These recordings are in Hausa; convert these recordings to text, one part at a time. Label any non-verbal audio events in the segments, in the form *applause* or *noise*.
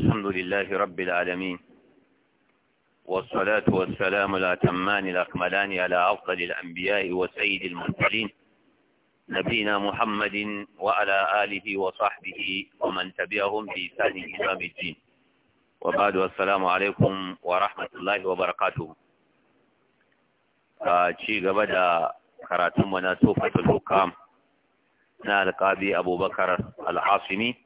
الحمد لله رب العالمين والصلاة والسلام الأتمان الأكملان على أفضل الأنبياء وسيد المرسلين نبينا محمد وعلى آله وصحبه ومن تبعهم بإحسان إلى الدين وبعد السلام عليكم ورحمة الله وبركاته ci gaba da karatunmu na tufatul hukam na alƙabi abubakar al'asimi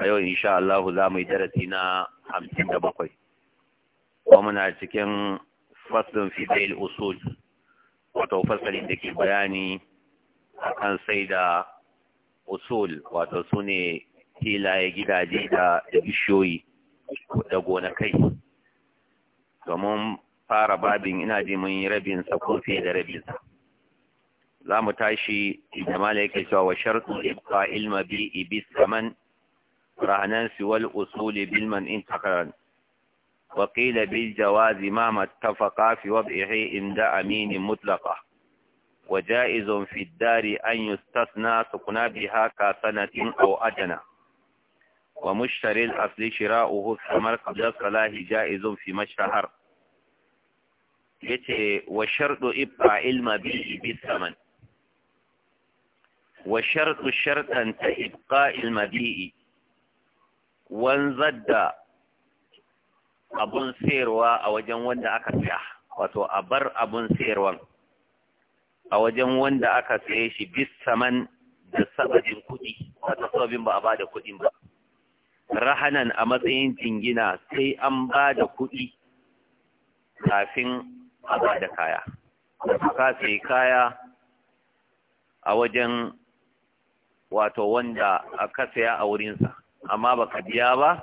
a yau insha Allah za mu yi darasi na hamsin da bakwai kuma muna cikin faslin fidel usul wato fasalin da ke bayani kan sai da usul wato su ne filaye gidaje da bishiyoyi da gonakai domin fara babin ina ji mun yi rabin sa fiye da rabin sa za mu tashi da ke cewa wa shartu ibqa ilma bi ibis kaman راهنان سوى الأصول بالمن انتقرا وقيل بالجواز ما ما اتفقا في وضعه عند أمين مطلقة وجائز في الدار أن يستثنى تقنى بها كسنة أو أدنى ومشتري الأصل شراؤه الثمر قبل الصلاة جائز في مشهر yace wa sharɗu ibqa ilma بالثمن bisaman شرطا sharɗu sharɗan wanzar da abun sayarwa a wajen wanda aka saya wato a bar abun sayarwan a wajen wanda aka saye shi bis saman da sabajin kuɗi wato sabin ba a ba da kuɗin ba rahanan a matsayin jingina sai an ba da kuɗi kafin a ba da kaya wato ka sayi kaya a wajen wato wanda aka saya a wurinsa amma baka biya ba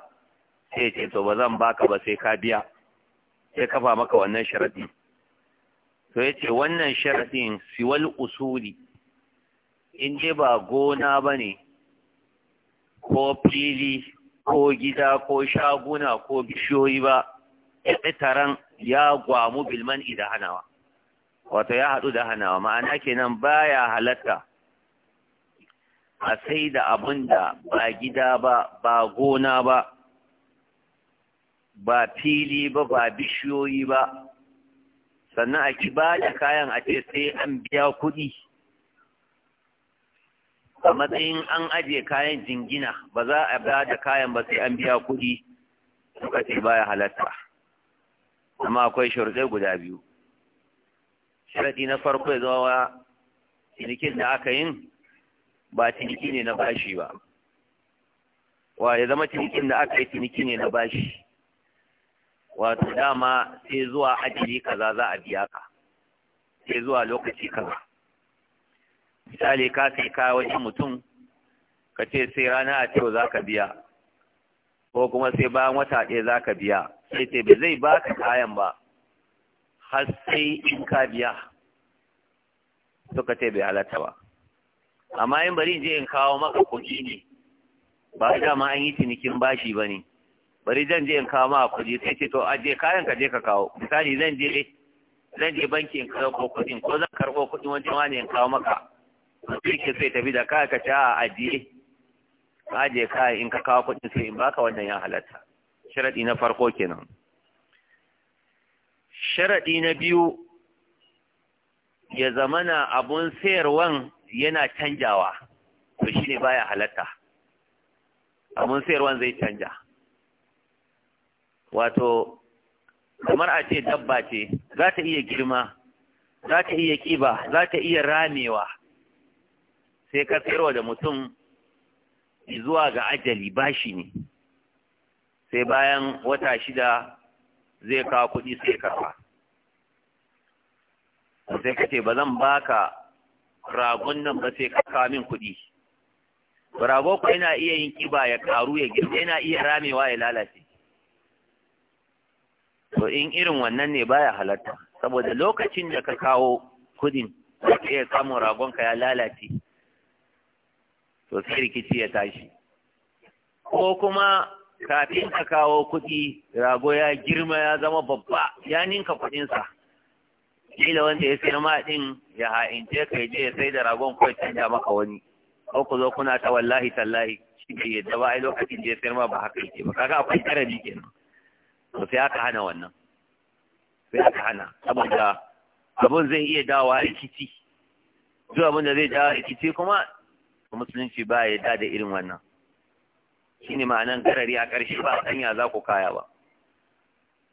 sai ce to ba zan baka ba sai ka biya sai kafa maka wannan sharadi to yace wannan sharadin siwal usuli in dai ba gona bane ko fili ko gida ko shaguna ko bishiyoyi ba ya taran ya gwamu bilman ida hanawa wato ya haɗu da hanawa ma'ana kenan baya halatta a sai da abin da ba gida ba ba gona ba ba fili ba ba bishiyoyi ba sannan a ki ba da kayan a ce sai an biya kuɗi a matsayin an ajiye kayan jingina ba za a ba da kayan ba sai an biya kuɗi suka ce baya halatta amma akwai shirɗai guda biyu shirɗi na farko ya zama cinikin da aka yin ba ciniki ne na bashi ba wa ya zama cinikin da aka yi ciniki ne na bashi wato dama sai zuwa ajiye kaza za a biya ka sai zuwa lokaci kaza misali ka sai kaya wajen mutum ka ce sai rana a cewa za ka biya ko kuma sai bayan wata ɗaya za ka biya sai ce ba zai ba ka kayan ba har sai in ka biya suka ce bai halatta ba amma yin bari in je in kawo maka kuɗi ne ba da ma an yi cinikin bashi ba ne bari zan je in kawo maka kuɗi sai ce to aje kayan ka je ka kawo misali zan je zan je banki in karɓo kuɗin ko zan karɓo kuɗin wancan wani in kawo maka sai ke sai tafi da kayan ka ce a ajiye ka ajiye kayan in ka kawo kuɗin sai in baka wannan ya halatta sharaɗi na farko kenan sharaɗi na biyu ya zamana abun sayarwan yana canjawa to shine baya halatta abun sayarwan zai canja wato kamar a ce dabba ce za ta iya girma za ta iya kiba za ta iya ramewa sai ka sayarwa da mutum zuwa ga ajali bashi ne sai bayan wata shida zai kawo kuɗi sai karfa sai ka ce ba zan baka ragon nan ba sai ka kawo min kuɗi rago ko yana iya yin kiba ya karu ya girma yana iya ramewa ya lalace to in irin wannan ne baya halarta. saboda lokacin da ka kawo kuɗin za ka iya samun ragon ya lalace to sai rikici ya tashi ko kuma kafin ka kawo kuɗi rago ya girma ya zama babba ya ninka kuɗinsa kila wanda ya sayar ma din ya ha'ince ka je ya sai da ragon ko ya canja maka wani ko ku zo kuna ta wallahi tallahi shi ke yadda ba ai lokacin da ya sayar ma ba haka yake ba kaga akwai karabi kenan to sai aka hana wannan sai aka hana saboda abun zai iya dawa rikici duk abin da zai dawa rikici kuma musulunci ba ya da irin wannan shine ma'anan karari a ƙarshe ba sanya za ku kaya ba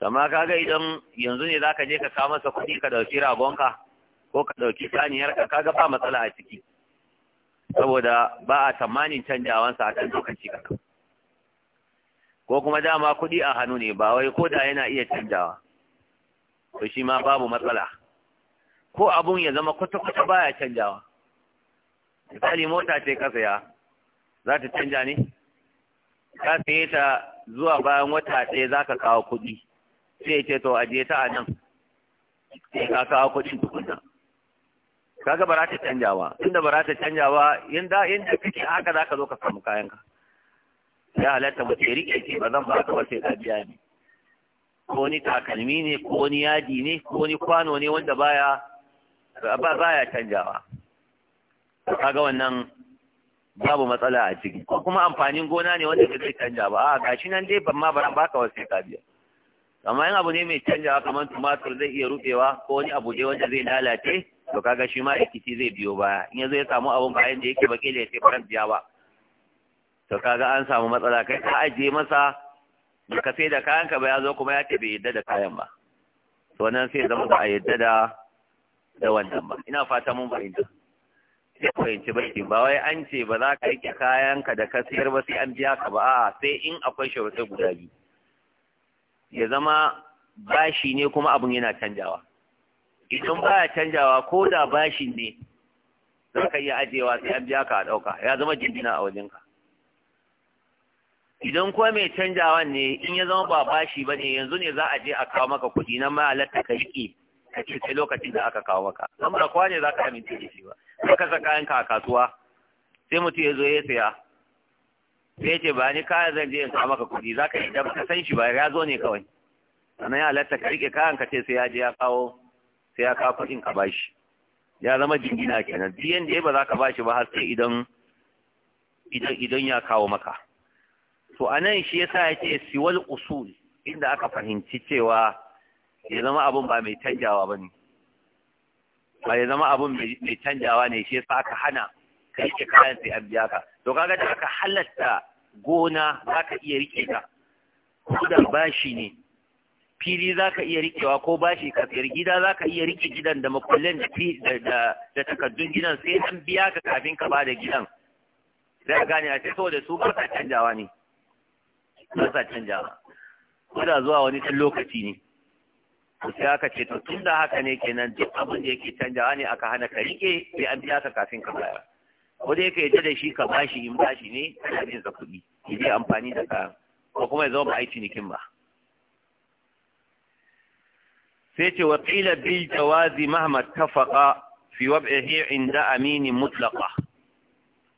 ka kaga idan yanzu ne za ka je ka kawo masa kuɗi ka ɗauki ragonka ko ka ɗauki saniyarka kaga ba matsala a ciki saboda ba a tamanin canjawansa a kan lokaci kaɗan ko kuma dama kuɗi a hannu ne ba wai ko da yana iya canjawa to shi ma babu matsala ko abun ya zama kwata-kwata baya canjawa misali mota ce ka saya za ta canja ne ka saye ta zuwa bayan wata ɗaya za ka kawo kuɗi sai ce to aje ta a nan sai ka kawo kuɗin tukunna kaga ba za ta canja ba tunda ba za ta canja ba yanda yanda kake haka za ka zo ka samu kayanka ya halatta ce rike ki ba zan ba ka wace ka biya ne ko ni takalmi ne ko ni yadi ne ko ni kwano ne wanda baya ba baya canjawa kaga wannan babu matsala a ciki ko kuma amfanin gona ne wanda zai canja ba a gashi nan dai ban ma ba ka wace ka biya amma yin abu ne mai canjawa kamar tumatur zai iya rubewa ko wani abu je wanda zai lalace to kaga shi ma rikici zai biyo baya in yanzu ya samu abun bayan da yake baƙi da ya sai faran biya ba to kaga an samu matsala kai ka aje masa da ka sai da kayan ka ba ya zo kuma ya ce bai yadda da kayan ba to nan sai zama ba a yadda da da wannan ba ina fata mun fahimta sai fahimci baki ba wai an ce ba za ka yi kayan ka da ka sayar ba sai an biya ka ba a'a sai in akwai shawarar guda biyu ya zama bashi ne kuma abin yana canjawa idan ba ya canjawa ko da bashi ne za ka iya ajewa sai an biya ka a ɗauka ya zama jingina a wajenka idan kuma mai canjawa ne in ya zama ba bashi ba ne yanzu ne za a je a kawo maka kudi na ma'alatta ka riƙe ka ce lokacin da aka kawo maka Zan ba kowa ne za ka amince da shi ba ka saka kayanka a kasuwa sai mutum ya zo ya saya sai ce ba ni kaya zan je in sa maka kuɗi za ka idan ka san shi ba ya zo ne kawai sannan ya halatta ka riƙe kayan ka ce sai ya je ya kawo sai ya kawo kuɗin ka bashi ya zama jingina kenan duk yanda ba za ka bashi ba har sai idan idan idan ya kawo maka to anan shi yasa yake siwal usul inda aka fahimci cewa ya zama abun ba mai canjawa ba ne ba ya zama abun mai canjawa ne shi yasa aka hana ka yi kayan sai an biya ka to kaga da aka halatta gona za ka iya rike ta ko da bashi ne fili ka iya rikewa ko bashi ka gida gida ka iya rike gidan da makullin da takardun takaddun gidan sai an biya ka kafin ka bada gidan zai gane a cikin da su ba sa canjawa ne ba sa canjawa ko da zuwa wani ɗan lokaci ne to sai aka ce to tun da haka ne kenan duk abin da yake canjawa ne aka hana ka rike sai an biya ka kafin ka bayar ko dai ka yadda da shi ka bashi in bashi ne ka yi sa kuɗi ki je amfani da ka ko kuma ya zama ba a yi cinikin ba sai ce wa qila bil jawazi mahma tafaqa fi wab'ihi inda amini mutlaqa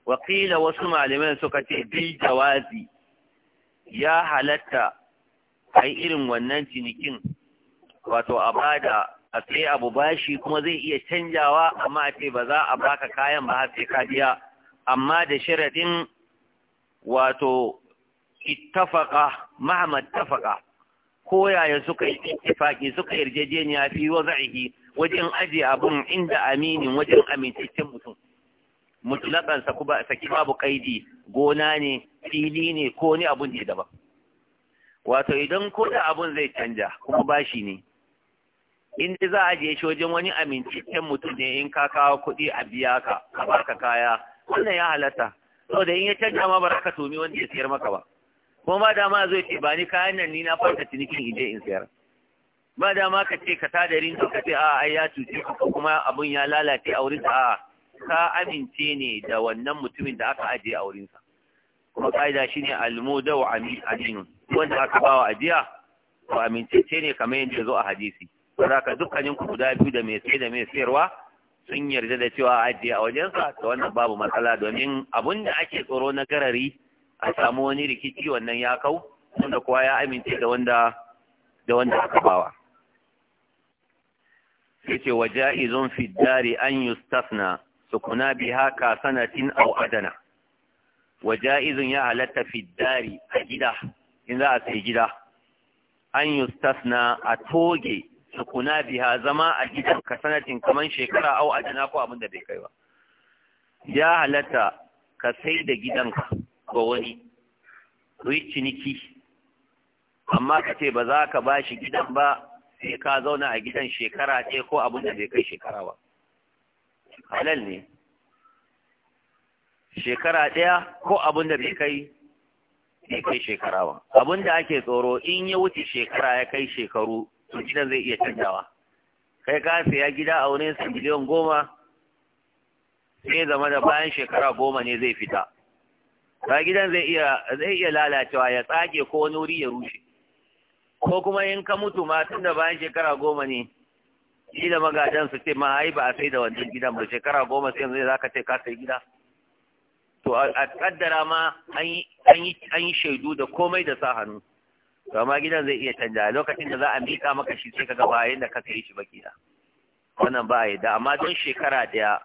wa qila wasu malaman suka ce bi jawazi ya halatta ai irin wannan cinikin wato a bada a sai abu bashi kuma zai iya canjawa amma a ce ba za a baka kayan ba har sai ka biya amma da sharadin wato ittafaqa mahma tafaqa ko yaya suka yi ittifaqi suka yarjejeniya fi wazaihi wajen ajiye abun inda aminin wajen amintaccen mutum kuma saki babu kaidi gona ne fili ne ko ni abun ne daban wato idan ko da abun zai canja kuma bashi ne in dai za a je shi wajen wani amincin mutum ne in ka kawo kuɗi a biya ka ka baka kaya wannan ya halatta saboda in ya canja ma ba ka tumi wanda ya sayar maka ba kuma ba dama zai ce ba ni kayan nan ni na farka cinikin in in sayar. ba dama ka ce ka da rinki ka ce a ai ya ko kuma abun ya lalace a wurin a ka amince ne da wannan mutumin da aka ajiye a wurinsa kuma ka'ida shine almudaw wa amin wanda aka bawa ajiya to amincece ne kamar yadda zo a hadisi saboda dukkanin ku guda biyu da mai sai da mai sayarwa sun yarda da cewa ajiye a wajensa ta wannan babu matsala domin abun da ake tsoro na garari a samu wani rikici wannan ya kau wanda kowa ya amince da wanda da wanda aka bawa yace wa ja'izun fi dari an yustasna sukuna biha ka sanatin aw adana wa ja'izun ya halatta fi dari a gida in za a sai gida an yustasna a toge sukuna biha zama a gidan ka sanatin kaman shekara au a jana ko abin da bai kai ba ya halatta ka sai da gidanka ga wani ruwi ciniki amma ka ce ba za ka ba shi gidan ba sai ka zauna a gidan shekara ce ko abin da bai kai shekara ba halal ne shekara ɗaya ko abin da bai kai bai kai shekara ba abin da ake tsoro in ya wuce shekara ya kai shekaru to gidan zai iya canjawa kai ka saya gida a wurin su miliyan goma sai zama da bayan shekara goma ne zai fita ba gidan zai iya zai iya lalacewa ya tsage ko wani wuri ya rushe ko kuma in ka mutu ma tun da bayan shekara goma ne shi da magadan su ce ma ai ba a sai da wannan gidan ba shekara goma sai yanzu zaka ce ka sai gida to a kaddara ma an yi shaidu da komai da sa hannu to amma gidan zai iya canja lokacin da za a miƙa maka shi sai kaga ba da ka kai shi ba kila wannan ba a da amma don shekara daya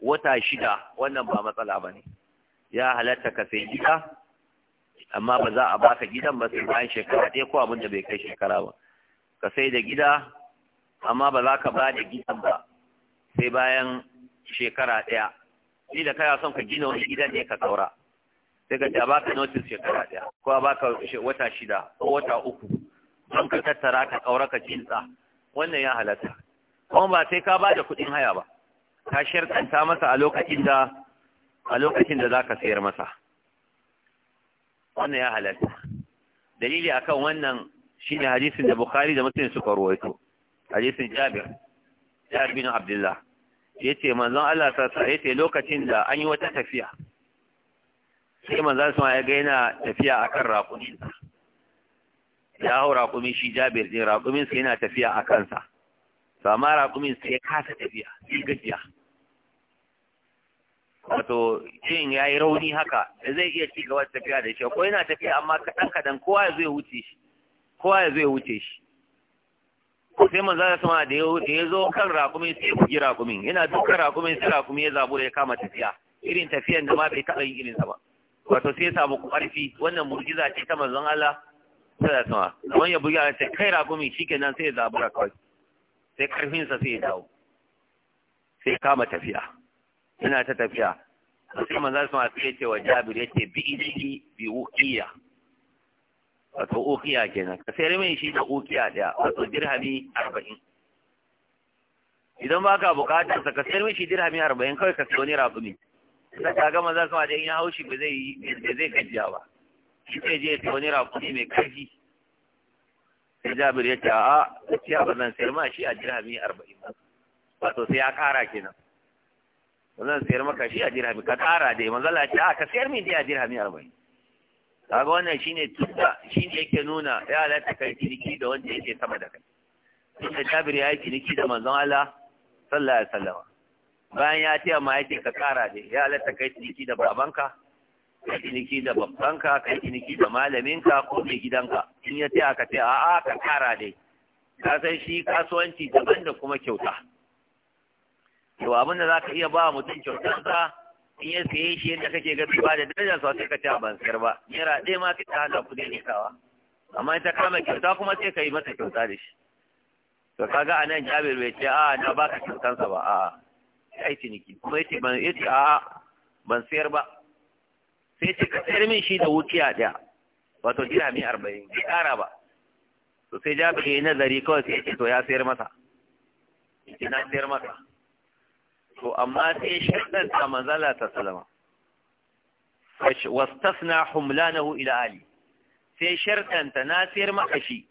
wata shida wannan ba matsala ba ne ya halatta ka sai gida amma ba za a baka gidan ba sai bayan shekara ɗaya ko abin da bai kai shekara ba ka sai da gida amma ba za ka ba da gidan ba sai bayan shekara ɗaya ni da kana son ka gina wani gidan ne ka saura sai ka ce a baka notin shekara ɗaya ko a baka wata shida ko wata uku don ka tattara ka ƙaura ka jinsa wannan ya halatta kuma ba sai ka ba da kuɗin haya ba ka shirkanta masa a lokacin da a lokacin da zaka sayar masa wannan ya halatta dalili akan wannan shine hadisin da Bukhari da Muslim suka rawaito hadisin Jabir Jabir bin Abdullah yace manzon Allah sallallahu alaihi wasallam yace lokacin da an yi wata tafiya sai manzo sama ya ga yana tafiya akan raƙuminsa. ya hau raƙumin shi Jabir din raƙumin sa yana tafiya a kansa to amma raƙumin sa ya kasa tafiya sai gajiya wato cin ya yi rauni haka da zai iya ci gaba tafiya da shi ko yana tafiya amma kaɗan kaɗan kowa ya zai wuce shi kowa ya zai wuce shi sai man Allah sama da ya zo kan raƙumin sai bugi raƙumin yana dukkan raƙumin sai raƙumi ya da ya kama tafiya irin tafiyan da ma bai taɓa yin irin sa ba wato sai ya samu ƙarfi wannan murjiza ce ta manzon Allah sai sama kamar ya buga ta kai rakumi shikenan sai ya zabura kawai sai karfin sa sai ya dawo sai kama tafiya ina ta tafiya sai manzon Allah sai ya ce wa Jabir yace bi idiki bi uqiya wato uqiya kenan ka sai mai shi da uqiya daya wato dirhami 40 idan ba ka bukatar sa ka sayar mishi shi dirhami 40 kawai ka sayo ne rabumi da ga maza kawai da in ya haushi ba zai da zai kajiya ba shi sai je ta wani rakuni mai karfi sai Jabir ya ce a gaskiya ba zan sayar ma shi a dirhami arba'in ba wato sai ya kara kenan ba zan sayar maka shi a dirhami ka kara dai manzo la ce a ka sayar min dai a dirhami arba'in ga wannan shine tunda ne yake nuna ya halatta kai ciniki da wanda yake sama da kai tunda Jabir ya yi ciniki da manzon Allah sallallahu alaihi wasallam bayan ya ce, ma yake ka kara da ya halatta kai ciniki da babanka kai ciniki da babbanka kai ciniki da malaminka ko mai gidanka in ya ce aka ce a'a ka kara dai ka san shi kasuwanci daban da kuma kyauta to abin da za ka iya ba mutum sa, in ya siye shi yadda kake ga ba da darajar sa sai ka ce ban sayar ba naira ɗaya ma sai da hada kuɗi ne kawa amma ita kama kyauta kuma sai ka yi masa kyauta da shi to kaga anan jabir bai ce a na baka kyautansa ba a'a sai yi ciniki kuma yace ban yace a ban sayar ba sai yace ka sayar min shi da wuciya daya wato mi arba'in bai kara ba to sai ja ya nazari kawai sai yace to ya sayar masa na sayar masa to amma sai shaddan ta manzala ta salama wastasna humlanahu ila ali sai shartanta na sayar maka shi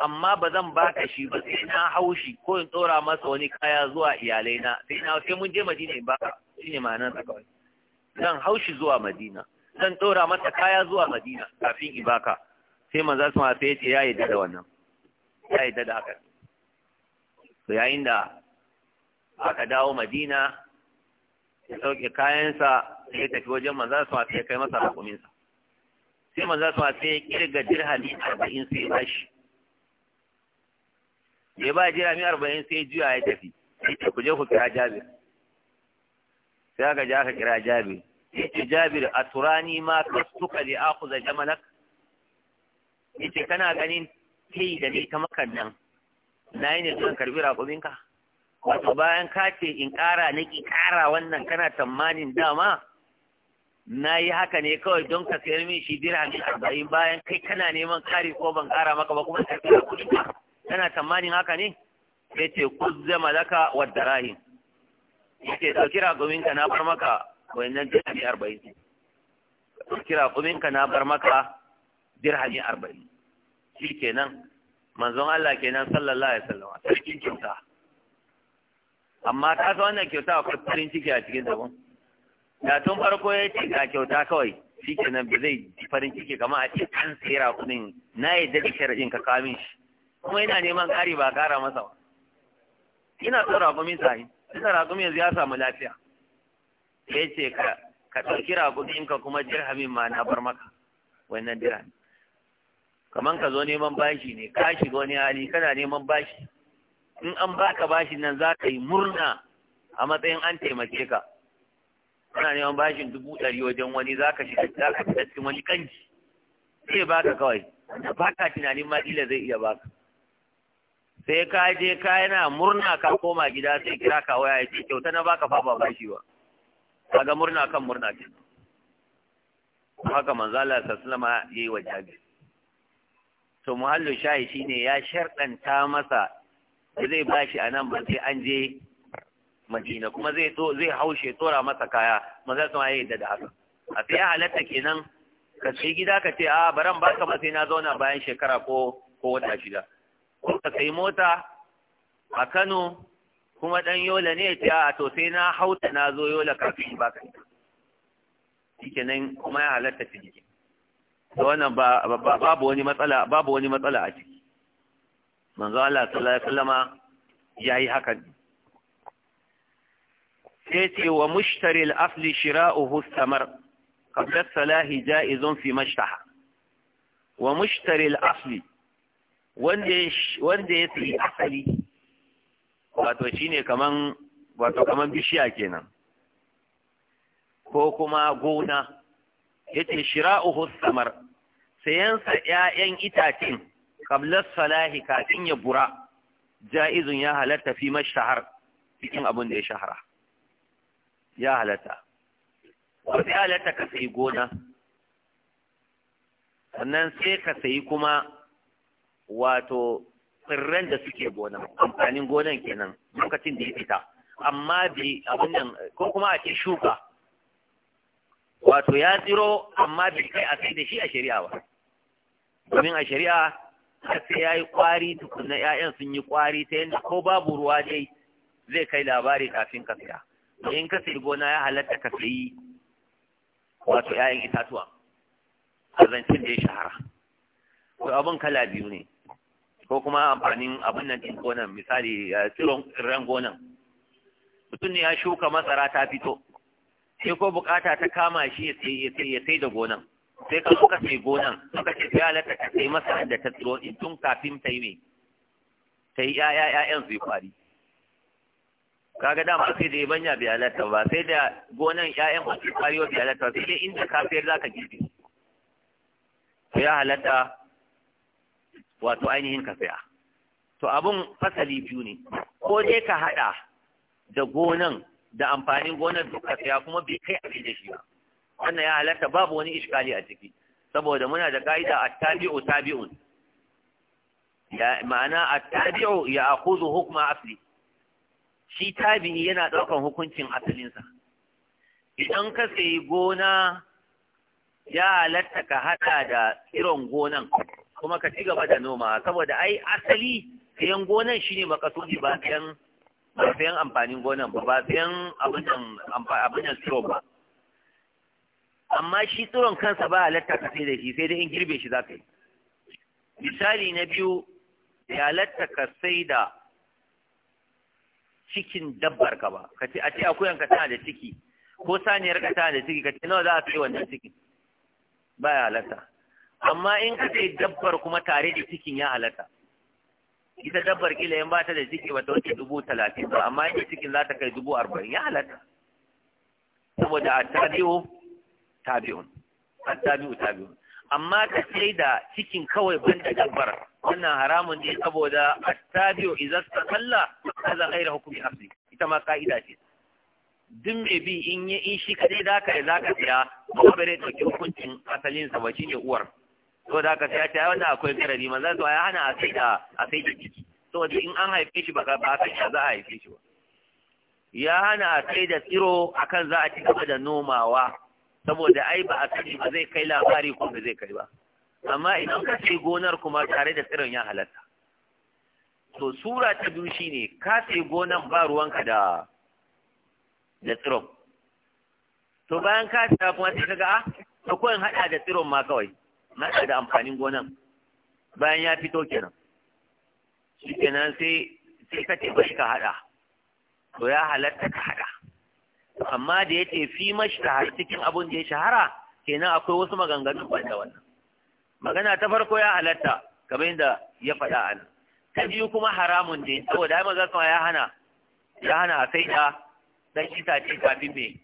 amma ba zan baka shi ba sai na haushi ko in tsora masa wani kaya zuwa iyalai na sai na sai mun je madina in shi ne ma'anar sa kawai zan haushi zuwa madina zan tsora masa kaya zuwa madina kafin in baka sai su ma sai ya ce ya yi da wannan ya yi da haka to yayin da aka dawo madina ya sauke kayansa ya tafi wajen su ma sai ya kai masa rakuminsa sai su ma sai ya kirga dirhami 40 sai ya bashi da ya ba mi arba'in sai juya ya tafi ku je ku kira jabir sai aka je aka kira jabir yace jabir a turani ma kastuka li akuza jamalak yace kana ganin kai da ni ta makan nan na yi ne sun karbi raƙuminka wato bayan ka ce in ƙara na ki ƙara wannan kana tsammanin dama na yi haka ne kawai don ka sayar min shi dirhami arba'in bayan kai kana neman kari ko ban ƙara maka ba kuma ka kira ba. kana tsammanin haka ne Ya ce ku zama kuzza wadda rahi. Ya yake dauki raguminka na bar maka wayannan dirhami arba'in dauki raguminka na bar maka dirhami arba'in shi kenan manzon Allah kenan sallallahu alaihi wasallam sarkin kyauta amma ta san wannan kyauta akwai farin ciki a cikin dabon da tun farko ya ce ga kyauta kawai shi kenan ba zai farin ciki kamar a ce kan tsira kudin na yadda da sharaɗin ka kamin shi kuma yana neman ƙari ba ƙara masa ba ina son raƙumi sahi ina raƙumi yanzu ya samu lafiya ya ce ka ka ɗauki ka kuma dirhamin ma na bar maka wannan dirhami kaman ka zo neman bashi ne ka shiga wani hali kana neman bashi in an baka bashin nan za ka yi murna a matsayin an taimake ka kana neman bashin dubu ɗari wajen wani za ka shiga za ka fita cikin wani kanji zai baka kawai da baka tunanin ma ƙila zai iya baka sai ka je ka yana murna ka koma gida sai kira ka waya ya ce kyauta na baka fa ba bashi ba kaga murna kan murna ce haka manzo Allah sallama yayi wa jabi to muhallu shayi shine ya sharɗanta masa zai bashi anan ba sai an je Madina kuma zai to zai haushe tora masa kaya manzo kuma yayi da haka a sai ya halatta kenan ka ce gida ka ce a ah, baran baka ba sai na zauna bayan shekara ko ko wata shida Kuka kai mota a Kano kuma dan yola ne ya a to sai na hauta na zo yola kafin ba ka kai nan kuma ya halatta jiki. to wannan ba babu wani matsala babu wani matsala a ciki manzo Allah sallallahu alaihi wasallama yayi hakan sai ce wa mushtari al-asli shira'uhu samar qabla salahi ja'izun fi mashtaha wa mushtari al-asli wanda ya sayi asali wato shine kaman wato bishiya kenan ko kuma gona yace shira'uhu samar sayansa 'ya'yan itacen kablar salahi kafin ya bura jaizun ya halatta fi mashahar cikin abin da ya shahara ya halatta ko sai halatta ka sayi gona sannan sai ka sayi kuma wato tsirren da suke gonan amfanin gonan kenan lokacin da ya fita amma bi abin nan ko kuma a ce shuka wato ya tsiro amma bai kai a kai da shi a shari'a ba domin a shari'a har sai ya yi kwari tukuna 'ya'yan sun yi kwari ta yadda ko babu ruwa dai zai kai labari kafin ka saya in ka sai gona ya halatta ka sayi wato 'ya'yan itatuwa a zancen da ya shahara to abin kala biyu ne ko kuma amfanin abin nan ɗin gonan misali tsiron tsirran gonan mutum ne ya shuka masara ta fito sai ko bukata ta kama shi ya sai da gonan sai ka suka sai gonan suka ce ta halatta ka sai masara da ta tsiro in tun kafin ta yi mai ta yi ‘ya'ya ‘ya'yan su yi kwari kaga dama sai da yabanya bai halatta ba sai da gonan ‘ya'yan masu kwariyo bai halatta sai dai inda ka sayar za ka girbe ya halatta wato ainihin ka saya to abin fasali biyu ne ko dai ka haɗa da gonan da amfanin gonar duk ka saya kuma bai kai abin da shi ba wannan ya halarta babu wani iskali a ciki saboda muna da ka'ida at-tabi'u tabi'un ya ma'ana at-tabi'u ya akhudhu hukma asli shi tabi'i yana daukan hukuncin asalinsa idan ka sayi gona ya halatta ka haɗa da irin gonan kuma ka ci gaba da noma saboda ai asali sayan gonan shine makasudi ba sayan ba sayan amfanin gonan ba ba sayan abin nan tsiro ba amma shi tsiron kansa ba halatta ka sai da shi sai dai in girbe shi za ka yi misali na biyu ya halatta ka sai da cikin dabbar ka ba ka ce a ce akuyan ka tana da ciki ko saniyar ka tana da ciki ka ce nawa za a sai wannan cikin ba ya halatta amma in ka ce dabbar kuma tare da cikin ya halatta ita dabbar kila in ba ta da ciki ba ta wuce dubu talatin ba amma ita cikin za ta kai dubu arba'in ya halatta saboda a tabi'u tabi'un a tabi'u tabi'un amma ka sai da cikin kawai ban da dabbar wannan haramun ne saboda a tabi'u idan ta kalla kai da hukumi hafi ita ma ka'ida ce duk mai bi in yi in shi kadai za ka za ka siya ba bare ɗauki hukuncin asalinsa ba shine uwar to da ka sai a ce ai wannan akwai garari manzo to ya hana a sai da a sai da ciki saboda in an haife shi baka ba ka za a haife shi ba ya hana a sai da tsiro akan za a ci gaba da nomawa saboda ai ba a sani ba zai kai labari ko ba zai kai ba amma idan ka sai gonar kuma tare da tsiron ya halatta to sura ta biyu shine ka sai gonan ba ruwanka da da tsiron to bayan ka sai kuma sai kaga a ah, to ko in hada da tsiron ma kawai na da amfanin gonan bayan ya fito kenan shi kenan sai sai ka ce bai ka haɗa to ya halatta ka haɗa amma da ya ce fi har cikin abun da ya shahara kenan akwai wasu maganganu banda wannan magana ta farko ya halatta kamar yadda ya faɗa a ta biyu kuma haramun da saboda ai maza ya hana ya hana a sai da dan ce kafin me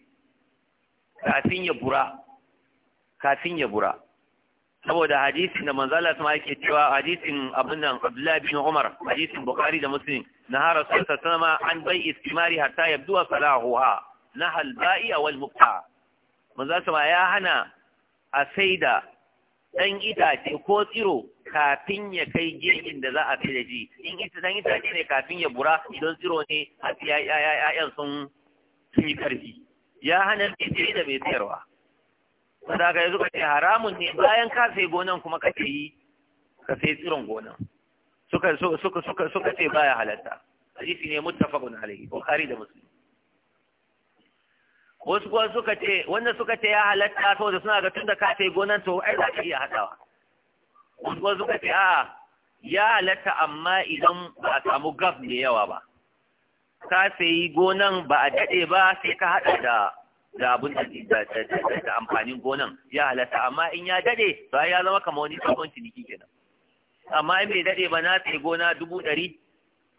kafin ya bura kafin ya bura saboda hadisin da manzala sama yake cewa hadisin abin nan Abdullah bin Umar hadisin Bukhari da Muslim na har rasul sama an bai istimari hatta yabdu salahuha na halba'i wal muqta manzo sama ya hana a saida dan itace ko tsiro kafin ya kai gejin da za a fi da ji. in ita dan itace ne kafin ya bura don tsiro ne a ya sun sun yi karfi ya hana ce da mai siyarwa. sadaka yanzu ce haramun ne bayan ka sai gonan kuma kace yi ka sai tsiron gonan suka suka suka suka ce baya halatta hadisi ne muttafaqun ko bukhari da muslim wasu kuwa suka ce wanda suka ce ya halatta saboda suna ga tunda ka sai gonan to ai za ka iya hadawa wasu kuwa suka ce a ya halatta amma idan ba a samu gaf da yawa ba ka sai gonan ba a dade ba sai ka hada da da abin da da amfanin gonan ya halatta amma in ya dade to ya zama kamar wani sabon ciniki kenan amma in bai dade ba na sai gona dubu ɗari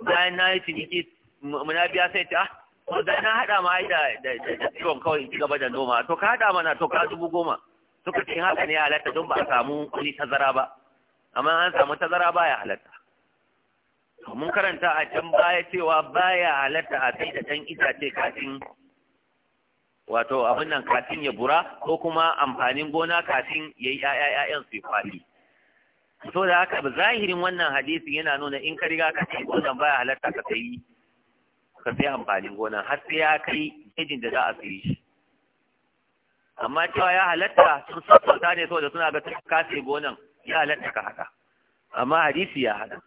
bayan na yi ciniki muna biya sai ta ah, to da na haɗa ma ai da da ciwon kawai ci gaba da noma to ka haɗa mana to ka dubu goma ka ce haka ne ya halatta don ba a samu wani tazara ba amma an samu tazara ba ya halatta mun karanta a can baya cewa baya halatta a sai da ɗan itace kafin wato abin nan kafin ya bura ko kuma amfanin gona kafin ya yi ‘ya'ya'ya'yan su kwali. So da haka zahirin wannan hadisi yana nuna in ka riga ka sai wannan baya halatta ka sai ka sai amfanin gona har sai ya kai jejin da za a sayi shi. Amma cewa ya halatta sun sassauta ne saboda suna ga ka sai gonan ya halatta ka haka. Amma hadisi ya hada.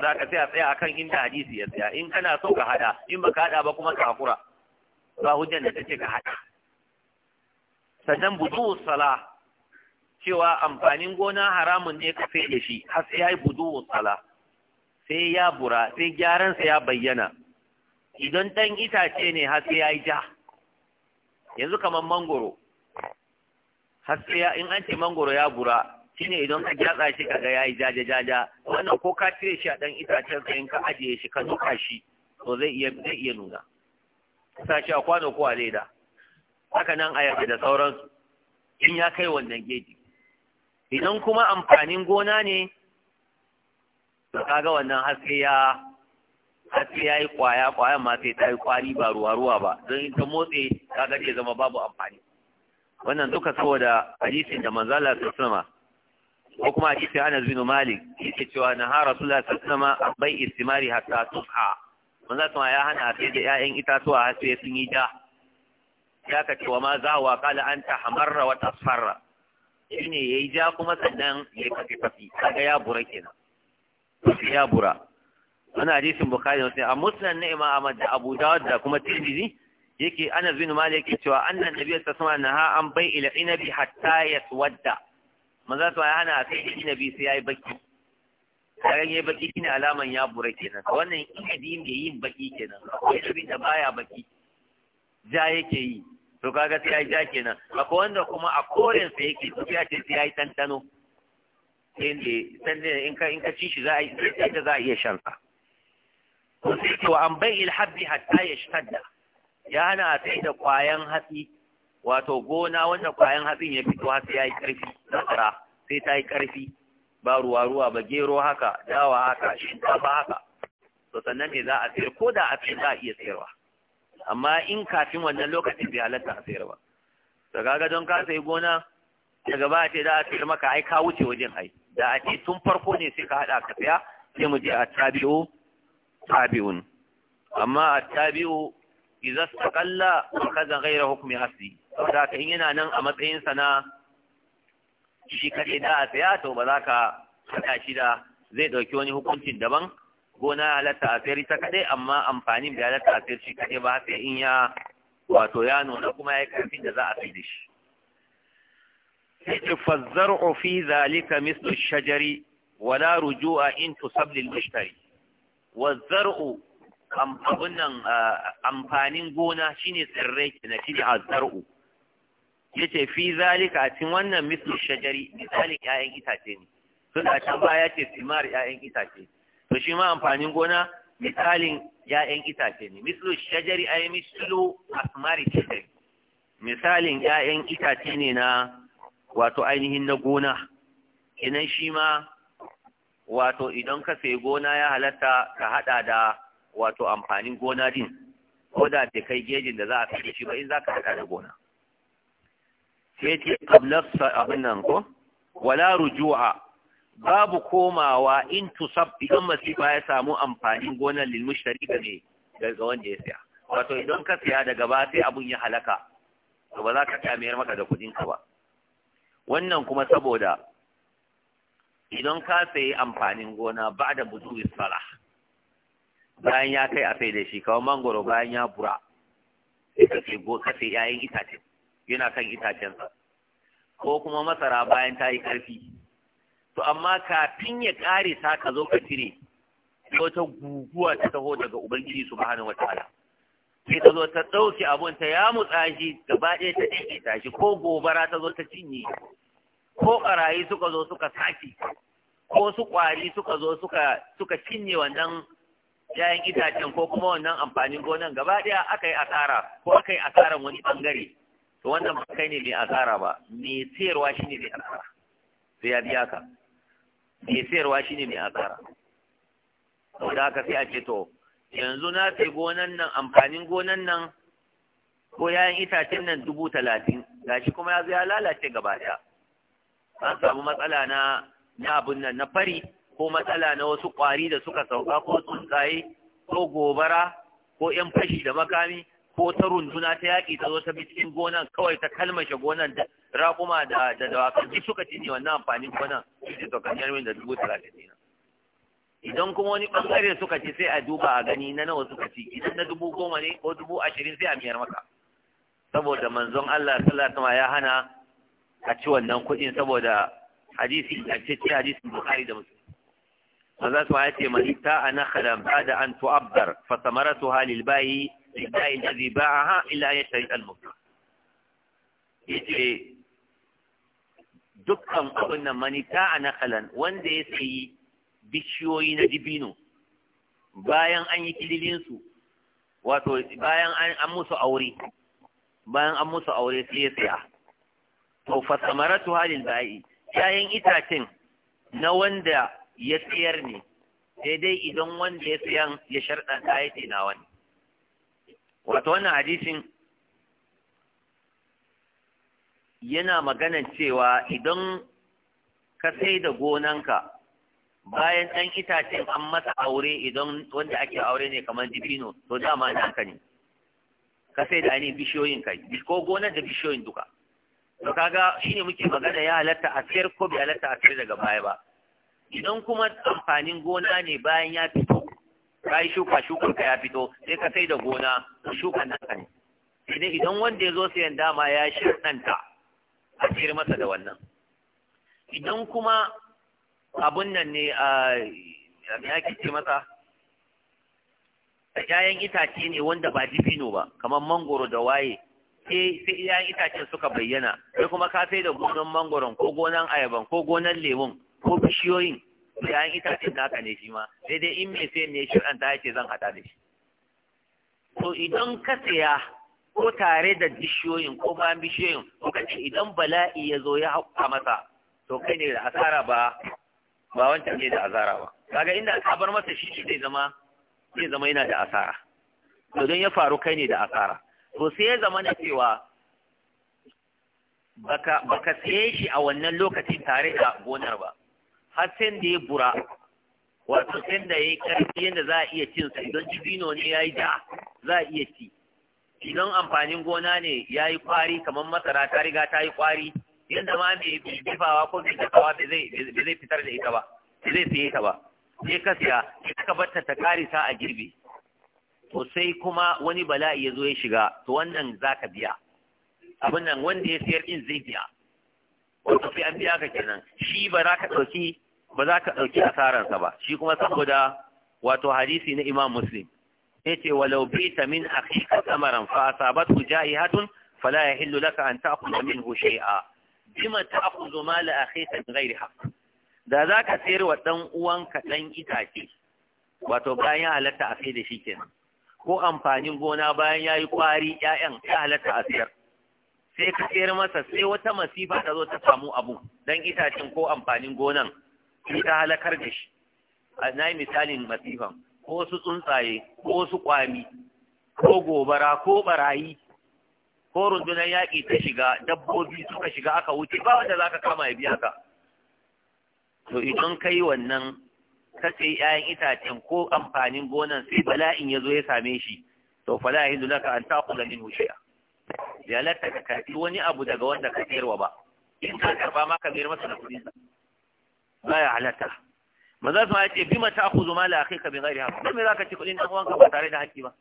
Za ka sai a tsaya akan inda hadisi ya tsaya in kana so ka hada in baka hada ba kuma ka hakura. ba hujjan da take ka haɗa sannan budu sala cewa amfanin gona haramun ne ka sai da shi har sai ya yi budu sala sai ya bura sai gyaransa ya bayyana idan ɗan itace ne har sai ya yi ja yanzu kamar mangoro har sai in an ce mangoro ya bura shine idan ka gyatsa shi kaga yi jaja jaja wannan ko ka cire shi a ɗan itacen sai ka ajiye shi ka nuka shi to zai iya nuna sa shi a kwano ko a leda haka nan a ayaba da sauransu in ya kai wannan geji idan kuma amfanin gona ne to kaga wannan haske ya haske ya yi kwaya kwaya ma sai ta yi kwari ba ruwa ruwa ba don ta motse ta gaje zama babu amfani wannan duka saboda hadisin da manzala su sama ko kuma cikin ana bin Malik yake cewa na ha Rasulullah sallallahu alaihi wasallam bai istimari hatta tusha manzo sama ya hana sai da 'ya'yan itatuwa har sai sun yi ja ya ka ce wa ma za wa qala anta hamarra wa tasfarra shine yayi ja kuma sannan ya yi kafi kafi kaga ya bura kenan ya bura wannan hadisin bukhari sai a musnad na imam ahmad da abu dawud da kuma tirmidhi yake anas bin malik yake cewa annan nabiy sallallahu alaihi wasallam an bai ila inabi hatta yaswadda manzo sama ya hana sai inabi sai yayi baki kayan yayi baki shine alaman ya bura kenan wannan inadin da yin baki kenan akwai abin da baya baki ja yake yi to kaga sai ai ja kenan akwai wanda kuma a koren sa yake to ya ce sai ya yi tantano inda tantano in ka in ka ci shi za a yi sai da za a iya shan sa to sai ce wa an bai ilhabbi hatta yashtadda ya hana sai da kwayan hatsi wato gona wanda kwayan hatsin ya fito har sai ya yi karfi nasara sai ta yi ƙarfi. ba ruwa ruwa ba gero haka dawa haka shinkafa haka to sannan ne za a sayar ko da a za a iya sayarwa amma in kafin wannan lokacin bai halatta a sayarwa. to kaga don ka sayi gona daga a ce za a sayar maka ai ka wuce wajen ai da a ce tun farko ne sai ka haɗa ka saya sai mu je a tabi'u tabi'un amma a tabi'u idza istaqalla wa kaza ghayra hukmi asli saboda haka yana nan a matsayin na shi kaɗai da a saya to ba za ka haɗa shi da zai ɗauki wani hukuncin daban gona halatta a sayar ta kaɗai amma amfanin da halatta a sayar shi kaɗai ba sai in ya wato ya nuna kuma ya yi ƙarfin da za a fi da shi. Sai fazzar'u ofi zalika mislu shajari ولا رجوع إن تصب للمشتري amfanin gona shine tsirrai قونا شيني سريك a الزرع Ya ce, fi zalika cin wannan Misli shajari misalin ƴaƴan itace ne tun da can baya ce simar ƴaƴan itace to shi ma amfanin gona misalin ƴaƴan itace ne mislu shajari ay mislu asmari shajari misalin ƴaƴan itace ne na wato ainihin na gona idan shi ma wato idan ka sai gona ya halatta ka hada da wato amfanin gona din ko da bai kai gejin da za a fi shi ba in za ka hada da gona sai ce abin nan ko wala rujua babu komawa in tusab idan masifa ya samu amfanin gonar lil mushtari ne daga wanda ya siya wato idan ka siya daga ba sai abun ya halaka to ba za ka kamiyar maka da kudin ka ba wannan kuma saboda idan ka sayi amfanin gona ba da buzuwi isfara bayan ya kai a sai da shi kawai mangoro bayan ya bura sai ka ce go ka sai yayin itace yana kan itacensa ko kuma masara bayan ta yi ƙarfi to amma kafin ya ƙare sa ka zo ka cire ko ta guguwa ta taho daga ubangiji subhanahu wataala sai ta zo ta ɗauke abun ta ya mutsa shi gaba ɗaya ta ɗauke ta ko gobara ta zo ta cinye ko ƙarayi suka zo suka saki, ko su ƙwari suka zo suka suka cinye wannan yayan itacen ko kuma wannan amfanin gonan gaba ɗaya aka yi asara ko aka yi asaran wani ɓangare to wannan ba kai ne mai asara ba mai sayarwa shi ne mai asara sai ya biya ka mai sayarwa shi ne mai asara da aka sai a ce to yanzu na sai gonan nan amfanin gonan nan ko yayan itacen nan dubu talatin shi kuma ya zo ya lalace gaba ɗaya an samu matsala na na abin nan na fari ko matsala na wasu ƙwari da suka sauka ko tsuntsaye ko gobara ko 'yan fashi da makami ko ta runduna ta yaƙi ta zo ta bi cikin gonan kawai ta kalmashe gonan da raƙuma da da dawakan duk suka ne wannan amfanin gonan da kanyar min da dubu talatin ne idan kuma wani ɓangare suka ci sai a duba a gani na nawa suka ci idan na dubu goma ne ko dubu ashirin sai a miyar maka saboda manzon Allah sallallahu alaihi ya hana a ci wannan kuɗin saboda hadisi a ce ce hadisi Bukhari da Muslim manzon Allah ya ce man ita ana khala ba'da an tu'abbar fa samaratuha lil bayi لباء الذي باعها إلا يشتري المبتاع yace dukkan abin nan manita a nakalan wanda ya sayi bishiyoyi na dibino bayan an yi kililinsu wato bayan an musu aure bayan an musu aure sai ya saya to fa samaratu halil ba'i yayin itacen na wanda ya sayar ne sai dai idan wanda ya sayan ya sharɗa ta ya ce na wani wato wannan hadisin yana maganan cewa idan ka sai da gonanka bayan ɗan itacen an masa aure idan wanda ake aure ne kamar dibino to dama na ka ne ka sai da ainihin bishiyoyin kai ko gonar da bishiyoyin duka to kaga shine muke magana ya halatta a sayar ko bai halatta a sayar daga baya ba idan kuma amfanin gona ne bayan ya fito ka yi shuka shukar ka ya fito sai ka sai da gona shukan nan ka ne idan idan wanda ya zo sayan dama ya shirɗanta a ciyar masa da wannan idan kuma abun nan ne a ya ce masa ‘ya'yan itace ne wanda ba dibino ba kamar mangoro da waye sai ‘ya'yan itacen suka bayyana sai kuma ka sai da gonan mangoron ko gonan ayaban ko gonan lemun ko bishiyoyin yayin itacen naka ne shi ma sai dai in mai sai ne shirin ta yake zan hada da shi to idan ka saya ko tare da bishiyoyin ko bayan bishiyoyin ka ce idan bala'i ya zo ya hauka masa to kai ne da asara ba ba wancan ne da asara ba kaga inda ka bar masa shi zai zama zai zama yana da asara to don ya faru kai ne da asara to sai ya zama na cewa baka baka siye shi a wannan lokacin tare da gonar ba har da ya bura wato sai da ya yi karfi yadda za a iya cin sa idan jibino ne ya yi da za a iya ci idan amfanin gona ne ya yi kwari kamar masara ta riga ta yi kwari yadda ma mai bifawa ko mai dafawa ba zai fitar da ita ba ba zai fiye ta ba sai ka siya ka barta ta karisa a girbi to sai kuma wani bala'i ya zo ya shiga to wannan za ka biya abin nan wanda ya sayar in zai biya wato sai an biya ka kenan shi ba za ka ɗauki ba za ka ɗauki asararsa ba shi kuma saboda wato hadisi na imam muslim ya ce walau bi ta min aqiqa samaran fa asabatu ja'ihatun fala yahillu laka an ta'khudha minhu shay'a bima ta'khudhu mal akhika bi ghairi haqq da za ka sayar wa dan uwanka dan itace wato bayan halatta a sai da shi kenan ko amfanin gona bayan yayi kwari ƴaƴan ya halatta a sayar sai ka tsere masa sai wata masifa ta zo ta samu abu don itacen ko amfanin gonan sai ta halakar da shi na yi misalin masifan ko su tsuntsaye ko su kwami ko gobara ko barayi ko rundunar yaƙi ta shiga dabbobi suka shiga aka wuce ba wanda za ka kama ya biya ka to idan ka yi wannan ka ce 'ya'yan itacen ko amfanin gonan sai bala'in ya zo ya same shi to fala hindu naka, an taqula minhu wuce. ya halatta ka karbi wani abu daga wanda ka sayarwa ba in ka karba ma ka mayar masa da kuɗi ba ya halatta maza su ma ce bima ta aku zuma la akai ka bin gari haka me za ka ci kuɗin ɗan uwanka ba tare da haƙƙi ba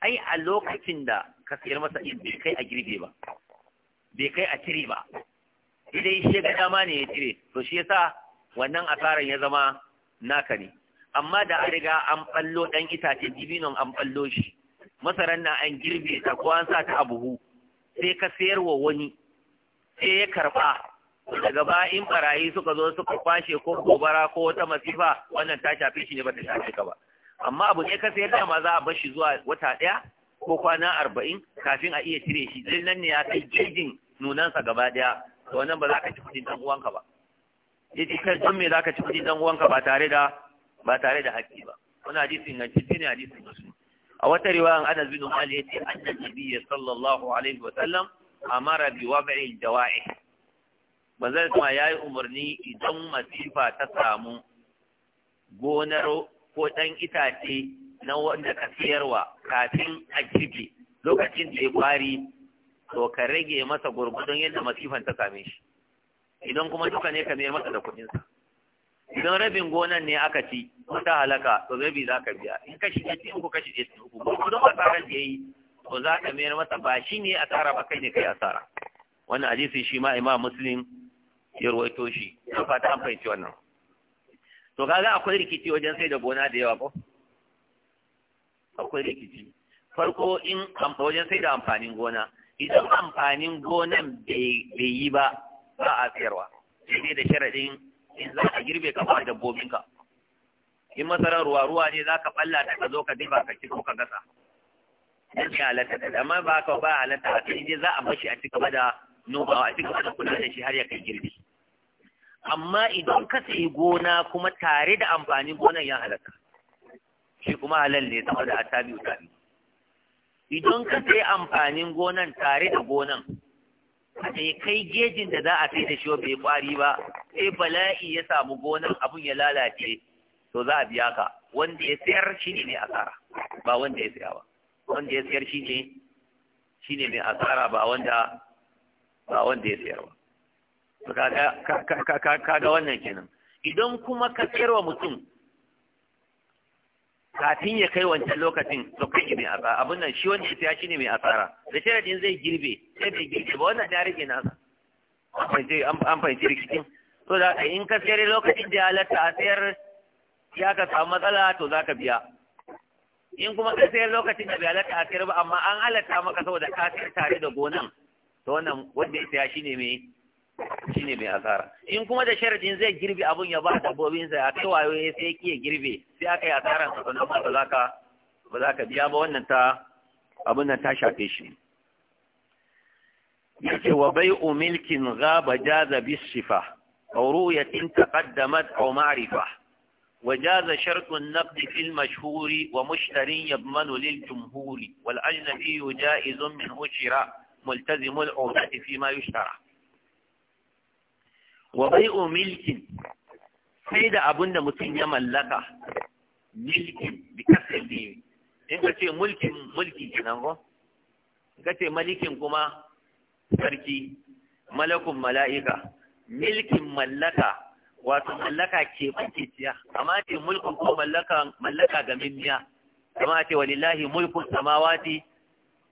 ai a lokacin da ka sayar masa in bai kai a girbe ba bai kai a cire ba Idan shi ga dama ne ya cire to shi yasa wannan asaran ya zama naka ne amma da an riga an ballo dan itace dibinon an ballo shi Masarar na an girbe ta ko an sa ta a buhu sai ka sayar wa wani sai ya karba daga ba in barayi suka zo suka kwashe ko gobara ko wata masifa wannan ta shafi shi ne ba ta shafi ka ba amma abu ne ka sayar da ma za a bar shi zuwa wata ɗaya ko kwana arba'in kafin a iya cire shi dan nan ne ya kai jirgin nunansa gaba ɗaya to wannan ba za ka ci kuɗin ɗan uwanka ba yace kai don me za ka ci kuɗin ɗan uwanka ba tare da ba tare da haƙƙi ba wannan hadisi ne hadisin musulmi a wata riwayan Anas bin Malik yace annan nabiyyi sallallahu alaihi wa sallam amara bi wab'i dawa'i bazai kuma yayi umarni idan masifa ta samu gonar ko dan itace na wanda ka siyarwa kafin a girbe lokacin da ya kwari to ka rage masa gurgudun yadda masifan ta same shi idan kuma duka ne ka mayar masa da kuɗinsa idan rabin gonan ne aka ci ko ta halaka to rabi za ka biya in ka ya ci uku kashi ya ci uku ko kuma asaran da yayi to za ka mayar masa ba shi ne asara ba kai ne kai asara wannan hadisi shi ma imam muslim ya ruwaito shi ta fata an fahimci wannan to kaga akwai rikici wajen sai da gona da yawa ko akwai rikici farko in wajen sai da amfanin gona idan amfanin gonan bai yi ba ba a sayarwa sai da sharaɗin in za ka girbe ka ba dabbobinka in masarar ruwa ruwa ne za ka balla ta ka zo ka diba ka ci ko ka gasa dan ya halatta da amma ba ka ba halatta a cikin je za a bashi a cigaba da nomawa a cikin da kula da shi har ya kai girbi amma idan ka sayi gona kuma tare da amfanin gonan ya halatta shi kuma halal ne saboda asabi utabi idan ka sayi amfanin gonan tare da gonan a ce kai gejin da za a sai da shi bai kwari ba sai bala'i ya samu gonar abun ya lalace to za a biya ka wanda ya sayar shi ne mai asara ba wanda ya saya ba wanda ya sayar shi ne shi ne mai asara ba wanda ba wanda ya sayar ba ga wannan kenan idan kuma ka sayar wa mutum kafin ya kai wancan lokacin to kai mai asara abun nan shi wani ya shi ne mai asara da sharadin zai girbe sai bai girbe ba wannan ya rage nasa an fahimci rikicin to da in ka sayar lokacin da ya halatta a sayar ya ka samu matsala to za ka biya in kuma ka sayar lokacin da bai halatta a sayar ba amma an halatta maka saboda ka sayar tare da gonan to wannan wanda ya shi ne mai shine mai asara in kuma da sharadin zai girbe abun ya ba dabbobinsa ya kai wayo sai ki ya girbe sai aka yi asaran sa sannan ba za ka ba za ka biya ba wannan ta abun nan ta shafe shi yace wa bai'u milkin ghaba jaza bis bishifa aw ru'yatin taqaddamat aw ma'rifa وجاز شرط النقد في المشهور ومشتر يضمن للجمهور والأجنبي جائز من شراء ملتزم العودة فيما يشترى wa o milkin sai da abin da mutum ya mallaka milkin bi kasar biyu in ka ce mulkin mulki kenan ko ka ce malikin kuma sarki malakun mala'ika milkin mallaka wato mallaka ke bakiciya amma ce mulkin ko mallaka mallaka ga mimmiya amma ce walillahi mulkun samawati